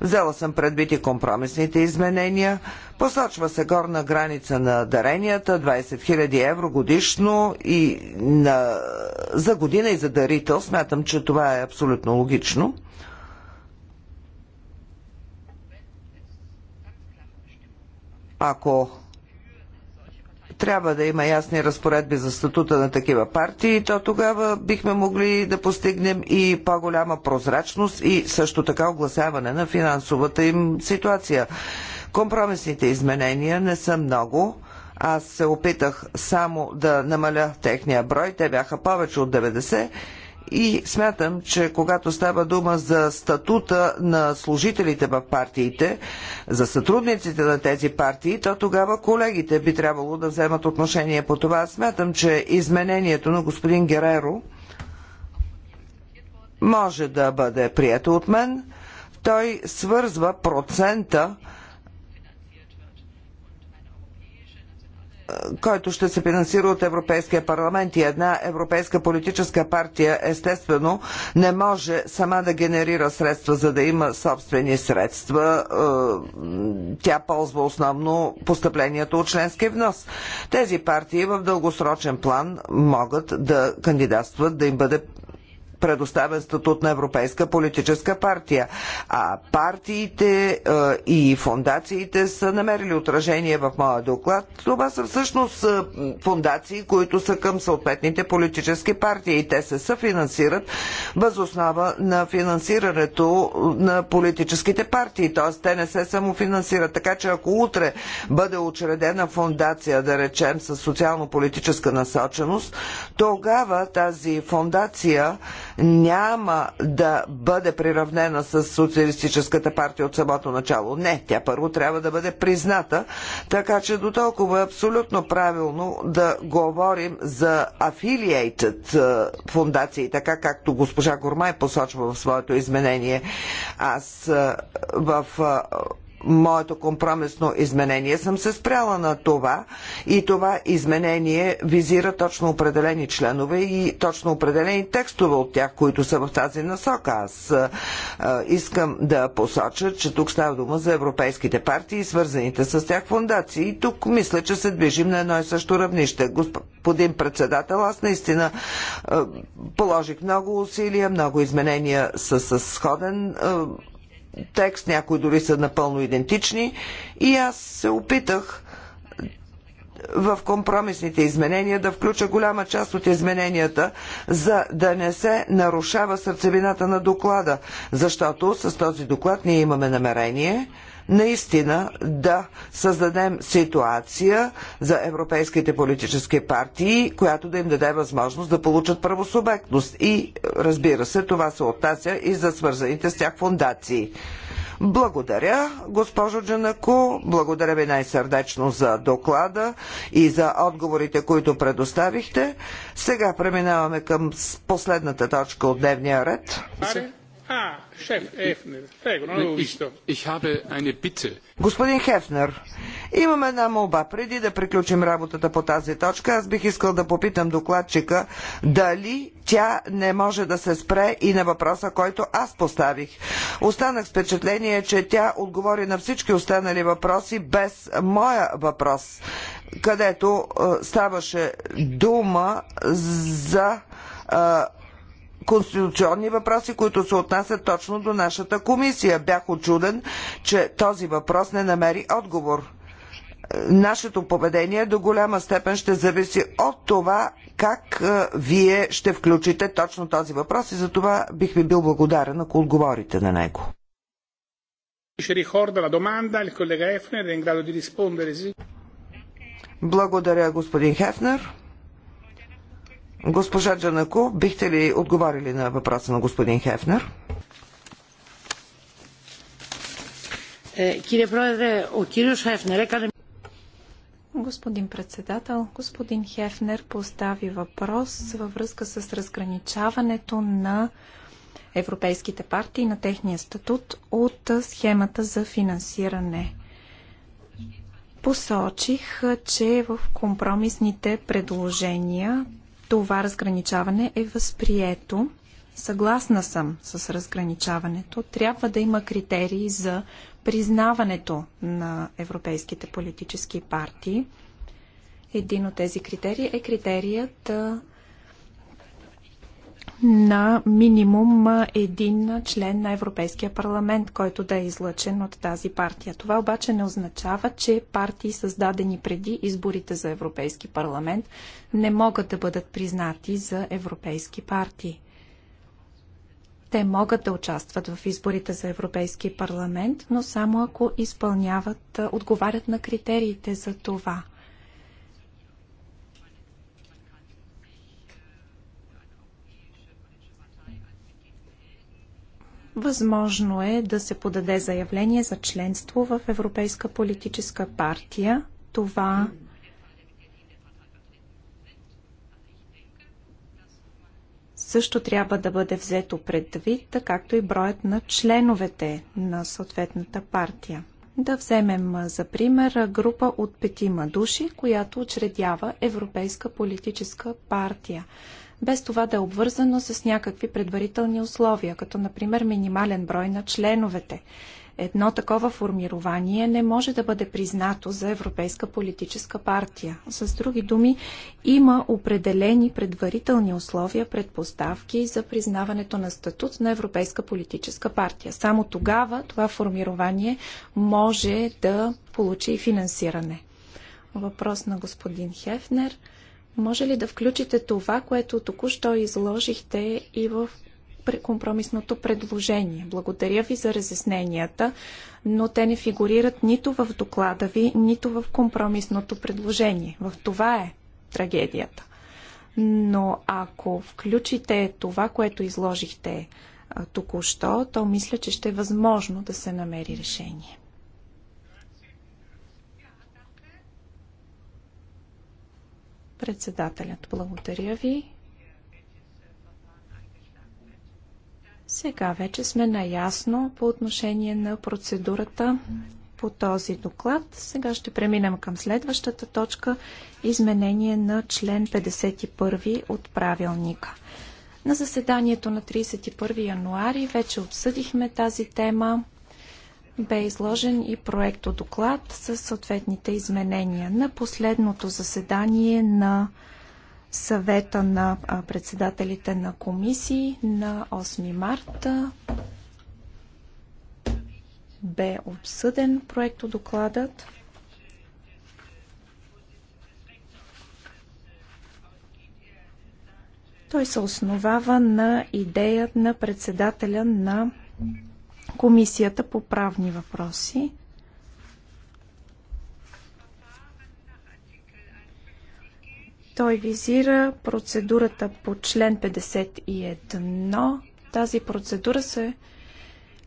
Взела съм предвид и компромисните изменения. Посочва се горна граница на даренията 20 000 евро годишно и на... за година и за дарител. Смятам, че това е абсолютно логично. Ако трябва да има ясни разпоредби за статута на такива партии, то тогава бихме могли да постигнем и по-голяма прозрачност и също така огласяване на финансовата им ситуация. Компромисните изменения не са много. Аз се опитах само да намаля техния брой. Те бяха повече от 90 и смятам, че когато става дума за статута на служителите в партиите, за сътрудниците на тези партии, то тогава колегите би трябвало да вземат отношение по това. Смятам, че изменението на господин Гереро може да бъде прието от мен. Той свързва процента който ще се финансира от Европейския парламент и една европейска политическа партия естествено не може сама да генерира средства, за да има собствени средства. Е, тя ползва основно постъплението от членски внос. Тези партии в дългосрочен план могат да кандидатстват, да им бъде предоставен статут на Европейска политическа партия. А партиите е, и фундациите са намерили отражение в моя доклад. Това са всъщност е, фундации, които са към съответните политически партии и те се съфинансират възоснова на финансирането на политическите партии. Т.е. те не се самофинансират. Така че ако утре бъде учредена фундация, да речем, с социално-политическа насоченост, тогава тази фундация няма да бъде приравнена с Социалистическата партия от самото начало. Не, тя първо трябва да бъде призната, така че до толкова е абсолютно правилно да говорим за affiliated е, фундации, така както госпожа Гормай посочва в своето изменение. Аз е, в е, моето компромисно изменение съм се спряла на това и това изменение визира точно определени членове и точно определени текстове от тях, които са в тази насока. Аз а, искам да посоча, че тук става дума за европейските партии и свързаните с тях фундации. И тук мисля, че се движим на едно и също равнище. Господин председател, аз наистина а, положих много усилия, много изменения са с сходен а, текст, някои дори са напълно идентични. И аз се опитах в компромисните изменения да включа голяма част от измененията, за да не се нарушава сърцевината на доклада, защото с този доклад ние имаме намерение наистина да създадем ситуация за европейските политически партии, която да им даде възможност да получат правосубектност. И разбира се, това се отнася и за свързаните с тях фундации. Благодаря, госпожо Джанако. Благодаря ви най-сърдечно за доклада и за отговорите, които предоставихте. Сега преминаваме към последната точка от дневния ред. Ah, Господин Хефнер, имам една молба. Преди да приключим работата по тази точка, аз бих искал да попитам докладчика дали тя не може да се спре и на въпроса, който аз поставих. Останах с впечатление, че тя отговори на всички останали въпроси без моя въпрос, където е, ставаше дума за е, конституционни въпроси, които се отнасят точно до нашата комисия. Бях очуден, че този въпрос не намери отговор. Нашето поведение до голяма степен ще зависи от това как вие ще включите точно този въпрос и за това бих ви бил благодарен, ако отговорите на него. Благодаря, господин Хефнер. Госпожа Джанако, бихте ли отговорили на въпроса на господин Хефнер? Е, е, господин председател, господин Хефнер постави въпрос във връзка с разграничаването на европейските партии на техния статут от схемата за финансиране. Посочих, че в компромисните предложения това разграничаване е възприето. Съгласна съм с разграничаването. Трябва да има критерии за признаването на европейските политически партии. Един от тези критерии е критерият на минимум един член на Европейския парламент, който да е излъчен от тази партия. Това обаче не означава, че партии, създадени преди изборите за Европейски парламент, не могат да бъдат признати за европейски партии. Те могат да участват в изборите за Европейски парламент, но само ако изпълняват, отговарят на критериите за това – Възможно е да се подаде заявление за членство в Европейска политическа партия. Това също трябва да бъде взето предвид, както и броят на членовете на съответната партия. Да вземем за пример група от петима души, която учредява Европейска политическа партия без това да е обвързано с някакви предварителни условия, като например минимален брой на членовете. Едно такова формирование не може да бъде признато за Европейска политическа партия. С други думи, има определени предварителни условия, предпоставки за признаването на статут на Европейска политическа партия. Само тогава това формирование може да получи финансиране. Въпрос на господин Хефнер – може ли да включите това, което току-що изложихте и в компромисното предложение? Благодаря ви за разясненията, но те не фигурират нито в доклада ви, нито в компромисното предложение. В това е трагедията. Но ако включите това, което изложихте току-що, то мисля, че ще е възможно да се намери решение. Председателят, благодаря ви. Сега вече сме наясно по отношение на процедурата по този доклад. Сега ще преминем към следващата точка изменение на член 51 от правилника. На заседанието на 31 януари вече обсъдихме тази тема бе изложен и проект от доклад с съответните изменения. На последното заседание на съвета на председателите на комисии на 8 марта бе обсъден проект Той се основава на идеята на председателя на Комисията по правни въпроси. Той визира процедурата по член 51. Тази процедура се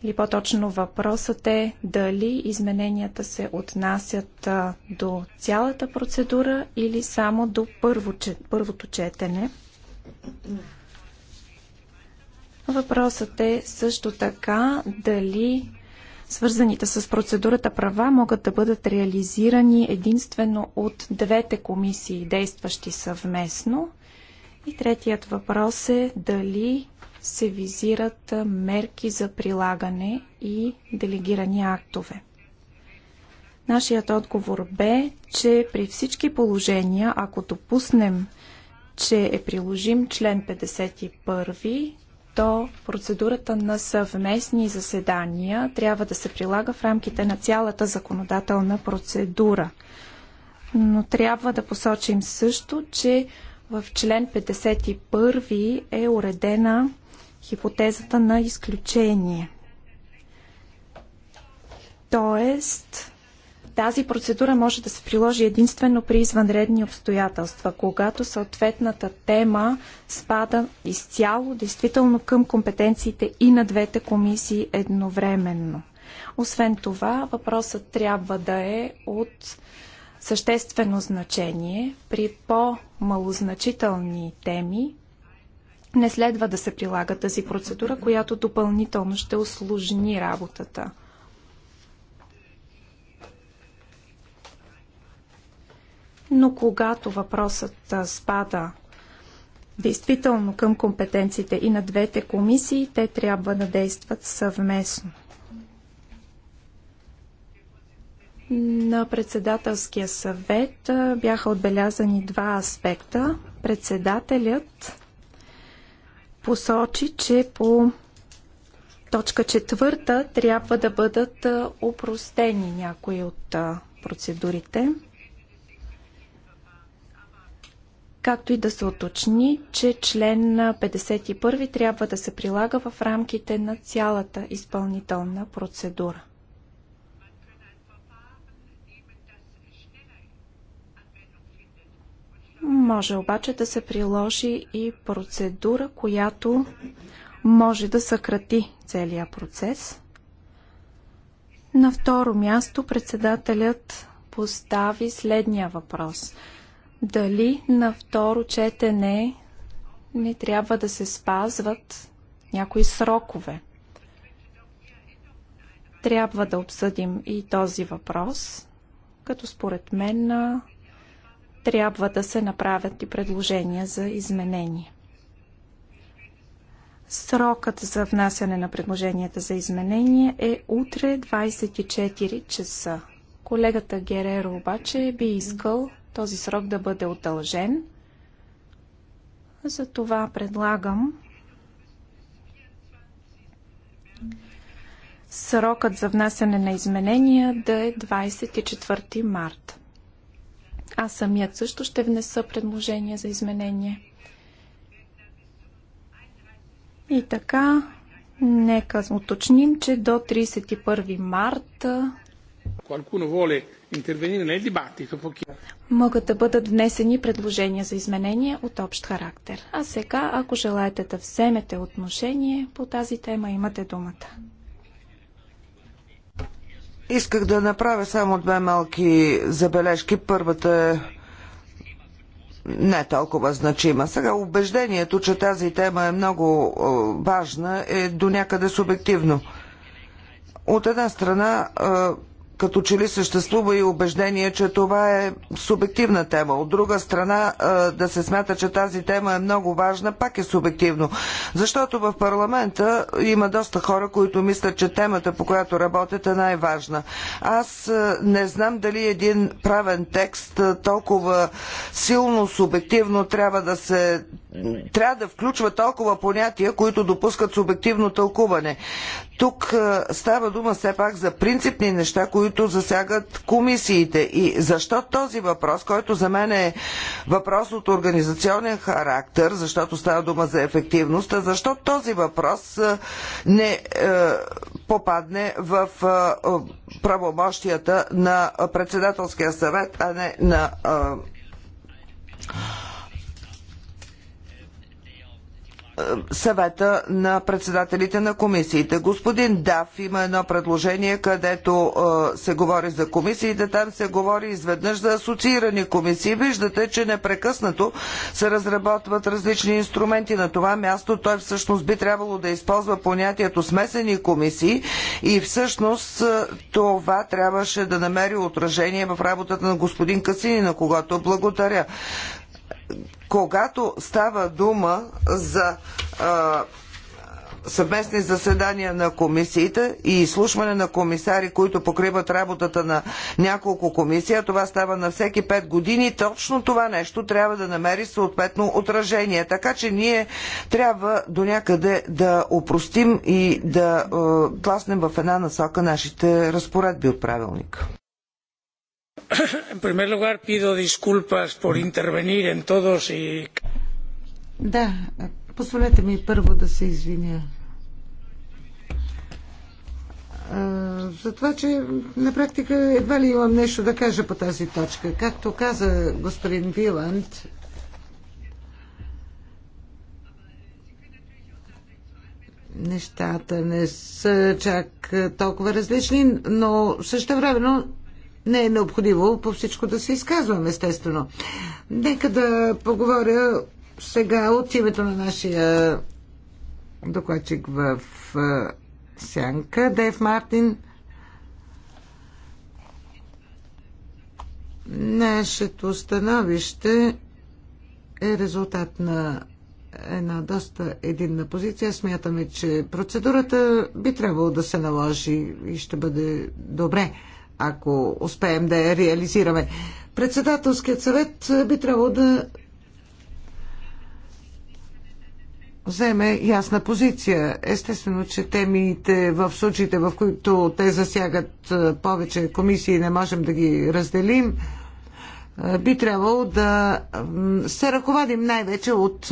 или по-точно въпросът е дали измененията се отнасят до цялата процедура или само до първо, първото четене. Въпросът е също така дали свързаните с процедурата права могат да бъдат реализирани единствено от двете комисии, действащи съвместно. И третият въпрос е дали се визират мерки за прилагане и делегирани актове. Нашият отговор бе, че при всички положения, ако допуснем, че е приложим член 51, то процедурата на съвместни заседания трябва да се прилага в рамките на цялата законодателна процедура. Но трябва да посочим също, че в член 51 е уредена хипотезата на изключение. Тоест, тази процедура може да се приложи единствено при извънредни обстоятелства, когато съответната тема спада изцяло, действително към компетенциите и на двете комисии едновременно. Освен това, въпросът трябва да е от съществено значение. При по-малозначителни теми не следва да се прилага тази процедура, която допълнително ще осложни работата. но когато въпросът спада действително към компетенциите и на двете комисии, те трябва да действат съвместно. На председателския съвет бяха отбелязани два аспекта. Председателят посочи, че по точка четвърта трябва да бъдат опростени някои от процедурите. както и да се уточни, че член 51 трябва да се прилага в рамките на цялата изпълнителна процедура. Може обаче да се приложи и процедура, която може да съкрати целия процес. На второ място председателят постави следния въпрос – дали на второ четене не трябва да се спазват някои срокове. Трябва да обсъдим и този въпрос, като според мен трябва да се направят и предложения за изменение. Срокът за внасяне на предложенията за изменение е утре 24 часа. Колегата Гереро обаче би искал този срок да бъде удължен. Затова предлагам срокът за внасяне на изменения да е 24 март. Аз самият също ще внеса предложение за изменение. И така, нека уточним, че до 31 марта. Могат да бъдат внесени предложения за изменения от общ характер. А сега, ако желаете да вземете отношение по тази тема, имате думата. Исках да направя само две малки забележки. Първата е не толкова значима. Сега убеждението, че тази тема е много е, важна, е до някъде субективно. От една страна, е, като че ли съществува и убеждение, че това е субективна тема. От друга страна, да се смята, че тази тема е много важна, пак е субективно. Защото в парламента има доста хора, които мислят, че темата, по която работят, е най-важна. Аз не знам дали един правен текст толкова силно субективно трябва да се трябва да включва толкова понятия, които допускат субективно тълкуване. Тук е, става дума все пак за принципни неща, които засягат комисиите. И защо този въпрос, който за мен е въпрос от организационен характер, защото става дума за ефективност, а защо този въпрос е, не е, попадне в е, правомощията на председателския съвет, а не на. Е, съвета на председателите на комисиите. Господин Дав има едно предложение, където се говори за комисиите, там се говори изведнъж за асоциирани комисии. Виждате, че непрекъснато се разработват различни инструменти. На това място той всъщност би трябвало да използва понятието смесени комисии и всъщност това трябваше да намери отражение в работата на господин Касини, на когото благодаря когато става дума за а, съвместни заседания на комисиите и изслушване на комисари, които покриват работата на няколко комисии, а това става на всеки 5 години, точно това нещо трябва да намери съответно отражение. Така че ние трябва до някъде да упростим и да тласнем в една насока нашите разпоредби от правилника. En primer lugar, pido disculpas por intervenir en todos y... Да, позволете ми първо да се извиня за това, че на практика едва ли имам нещо да кажа по тази точка. Както каза господин Виланд, нещата не са чак толкова различни, но също времено не е необходимо по всичко да се изказвам, естествено. Нека да поговоря сега от името на нашия докладчик в Сянка, Дейв Мартин. Нашето становище е резултат на една доста единна позиция. Смятаме, че процедурата би трябвало да се наложи и ще бъде добре ако успеем да я реализираме. Председателският съвет е, би трябвало да вземе ясна позиция. Естествено, че темите в случаите, в които те засягат е, повече комисии, не можем да ги разделим, е, би трябвало да се ръководим най-вече от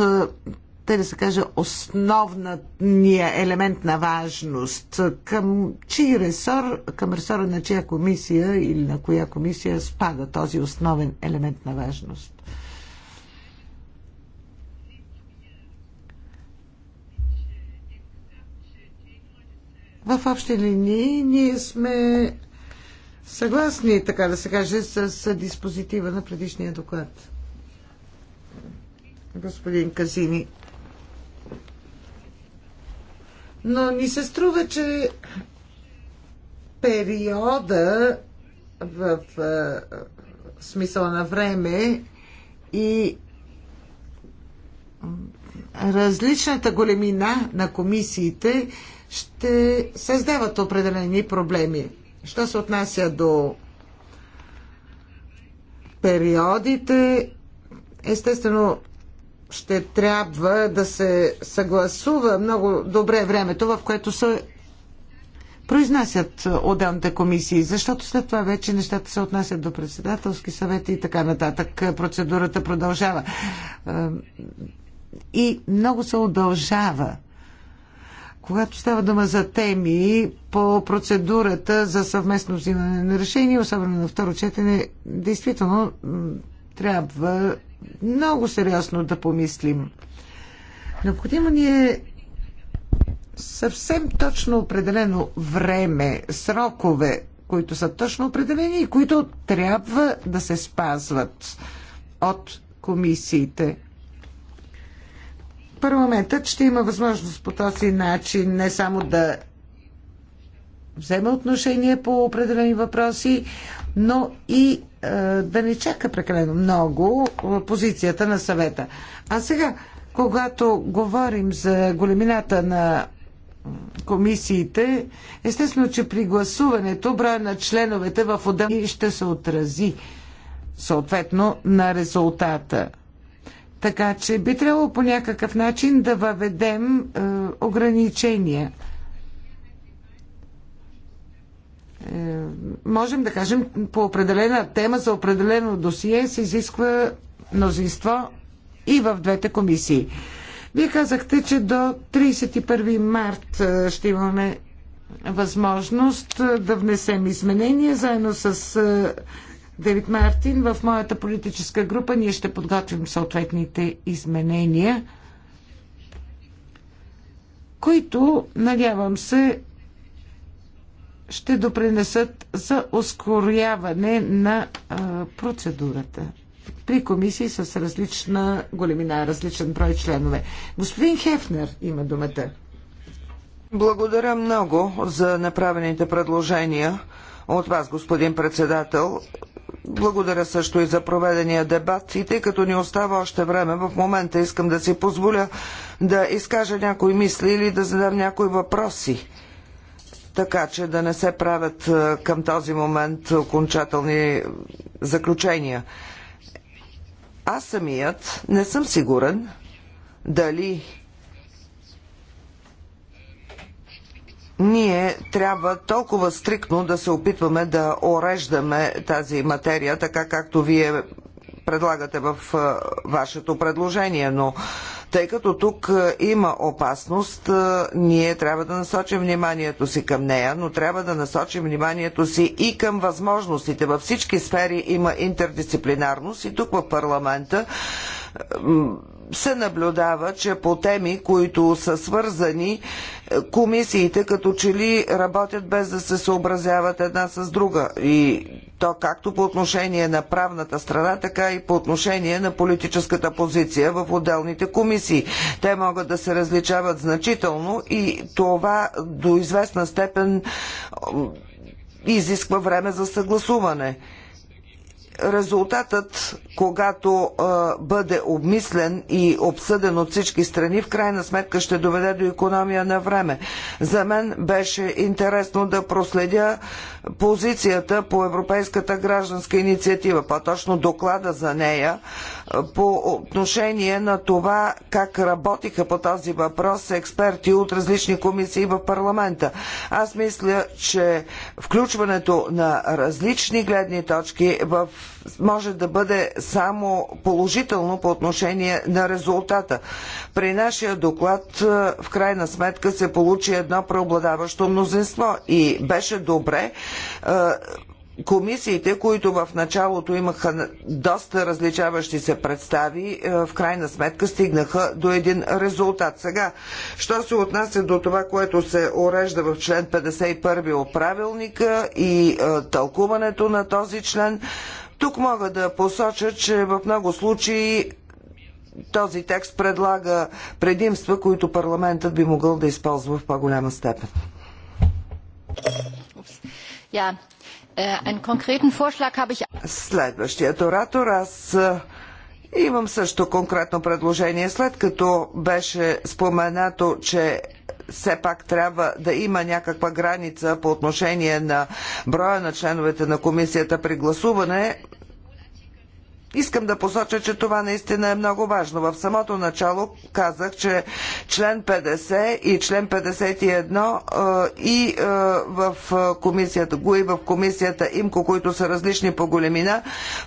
те да се каже, основния елемент на важност? Към чий ресор, към ресора на чия комисия или на коя комисия спада този основен елемент на важност? В общи линии ние сме съгласни, така да се каже, с диспозитива на предишния доклад господин Казини. Но ни се струва, че периода в смисъла на време и различната големина на комисиите ще създават определени проблеми. Що се отнася до периодите, естествено ще трябва да се съгласува много добре времето, в което се произнасят отделните комисии, защото след това вече нещата се отнасят до председателски съвети и така нататък. Процедурата продължава. Е, и много се удължава. Когато става дума за теми по процедурата за съвместно взимане на решение, особено на второ четене, действително трябва много сериозно да помислим. Необходимо ни е съвсем точно определено време, срокове, които са точно определени и които трябва да се спазват от комисиите. Парламентът ще има възможност по този начин не само да вземе отношение по определени въпроси, но и е, да не чака прекалено много е, позицията на съвета. А сега, когато говорим за големината на комисиите, естествено, че при гласуването броя на членовете в отдел ще се отрази съответно на резултата. Така че би трябвало по някакъв начин да въведем е, ограничения Е, можем да кажем, по определена тема за определено досие се изисква мнозинство и в двете комисии. Вие казахте, че до 31 март е, ще имаме възможност е, да внесем изменения заедно с Девит Мартин. В моята политическа група ние ще подготвим съответните изменения, които, надявам се, ще допринесат за ускоряване на процедурата при комисии с различна големина, различен брой членове. Господин Хефнер има думата. Благодаря много за направените предложения от вас, господин председател. Благодаря също и за проведения дебат. И тъй като ни остава още време, в момента искам да си позволя да изкажа някои мисли или да задам някои въпроси така че да не се правят е, към този момент окончателни заключения. Аз самият не съм сигурен дали ние трябва толкова стриктно да се опитваме да ореждаме тази материя, така както вие предлагате в е, вашето предложение, но тъй като тук е, има опасност, е, ние трябва да насочим вниманието си към нея, но трябва да насочим вниманието си и към възможностите. Във всички сфери има интердисциплинарност и тук в парламента се наблюдава, че по теми, които са свързани, е, комисиите като че ли работят без да се съобразяват една с друга. И то както по отношение на правната страна, така и по отношение на политическата позиция в отделните комисии. Те могат да се различават значително и това до известна степен изисква време за съгласуване резултатът, когато а, бъде обмислен и обсъден от всички страни, в крайна сметка ще доведе до економия на време. За мен беше интересно да проследя позицията по Европейската гражданска инициатива, по-точно доклада за нея, по отношение на това как работиха по този въпрос експерти от различни комисии в парламента. Аз мисля, че включването на различни гледни точки в... може да бъде само положително по отношение на резултата. При нашия доклад е, в крайна сметка се получи едно преобладаващо мнозинство и беше добре, комисиите, които в началото имаха доста различаващи се представи, в крайна сметка стигнаха до един резултат. Сега, що се отнася до това, което се урежда в член 51 от правилника и тълкуването на този член, тук мога да посоча, че в много случаи този текст предлага предимства, които парламентът би могъл да използва в по-голяма степен. Äh, Следващият оратор, аз э, имам също конкретно предложение. След като беше споменато, че все пак трябва да има някаква граница по отношение на броя на членовете на комисията при гласуване, Искам да посоча, че това наистина е много важно. В самото начало казах, че член 50 и член 51 и е, е, в е, комисията и в комисията ИМКО, които са различни по големина,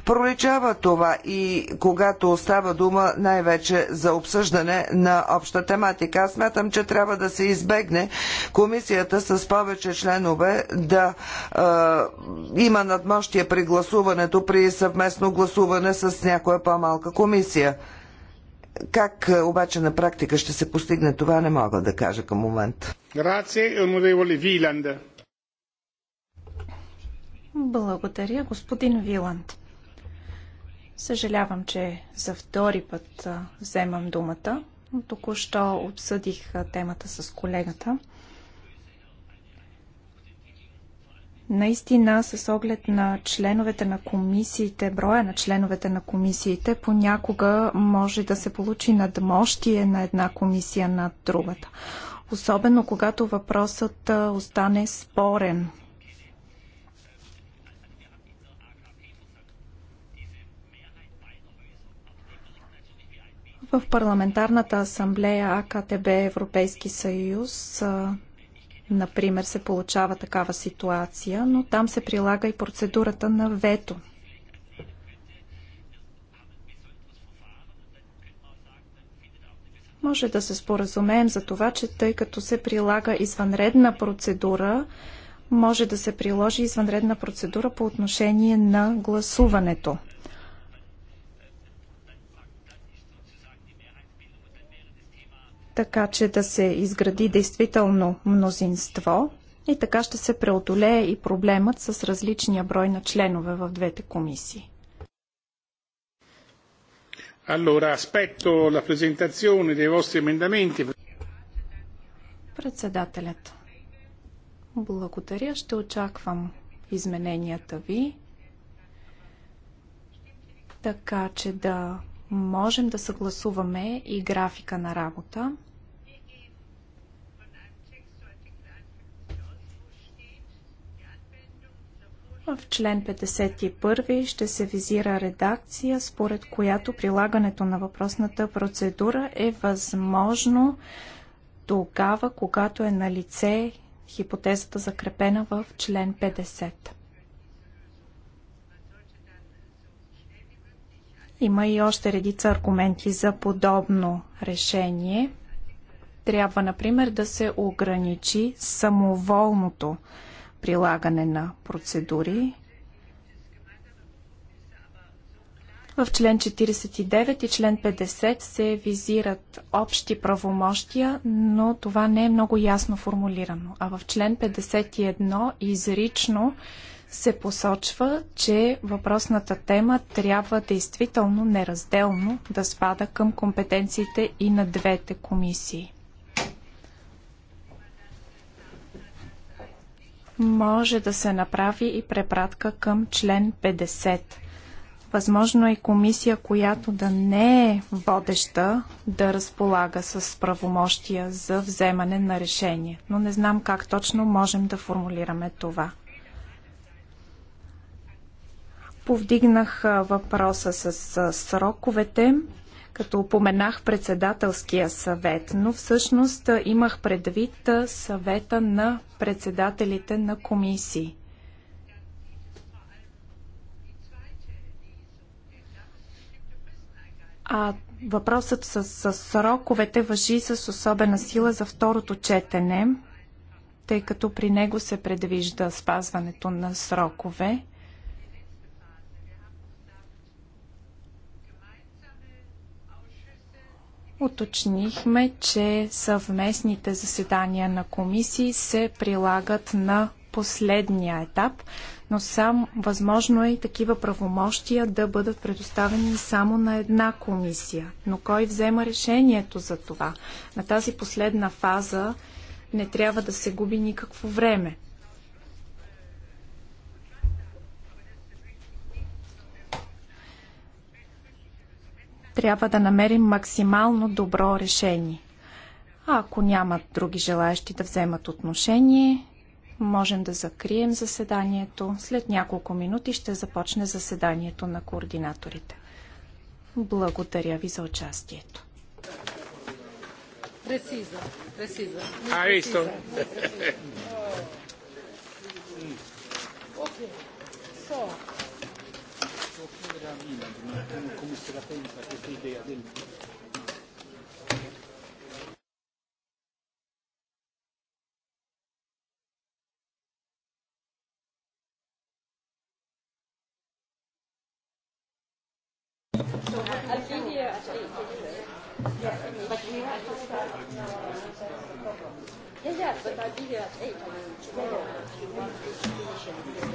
проличава това и когато става дума най-вече за обсъждане на обща тематика. Аз смятам, че трябва да се избегне комисията с повече членове да има надмощие при гласуването, при съвместно гласуване с някоя по-малка комисия. Как е, обаче на практика ще се постигне това, не мога да кажа към момент. Благодаря, господин Виланд. Съжалявам, че за втори път вземам думата. Току-що обсъдих темата с колегата. Наистина, с оглед на членовете на комисиите, броя на членовете на комисиите, понякога може да се получи надмощие на една комисия над другата. Особено когато въпросът остане спорен. В парламентарната асамблея АКТБ Европейски съюз например, се получава такава ситуация, но там се прилага и процедурата на вето. Може да се споразумеем за това, че тъй като се прилага извънредна процедура, може да се приложи извънредна процедура по отношение на гласуването. така че да се изгради действително мнозинство и така ще се преодолее и проблемът с различния брой на членове в двете комисии. Allora, aspetto la presentazione dei vostri emendamenti. Председателят. Благодаря, ще очаквам измененията ви, така че да можем да съгласуваме и графика на работа. В член 51 ще се визира редакция, според която прилагането на въпросната процедура е възможно тогава, когато е на лице хипотезата закрепена в член 50. Има и още редица аргументи за подобно решение. Трябва, например, да се ограничи самоволното прилагане на процедури. В член 49 и член 50 се визират общи правомощия, но това не е много ясно формулирано. А в член 51 изрично се посочва, че въпросната тема трябва действително неразделно да спада към компетенциите и на двете комисии. може да се направи и препратка към член 50. Възможно е комисия, която да не е водеща, да разполага с правомощия за вземане на решение. Но не знам как точно можем да формулираме това. Повдигнах въпроса с сроковете като упоменах председателския съвет, но всъщност имах предвид съвета на председателите на комисии. А въпросът с, с сроковете въжи с особена сила за второто четене, тъй като при него се предвижда спазването на срокове. Уточнихме, че съвместните заседания на комисии се прилагат на последния етап, но сам възможно е и такива правомощия да бъдат предоставени само на една комисия. Но кой взема решението за това? На тази последна фаза не трябва да се губи никакво време. трябва да намерим максимално добро решение. А ако нямат други желаящи да вземат отношение, можем да закрием заседанието. След няколко минути ще започне заседанието на координаторите. Благодаря ви за участието. Precisa, precisa. Ah, isso era Milan, come se la pensa questa idea del Yeah, yeah, but I'll be here at 8. I mean, tomorrow, if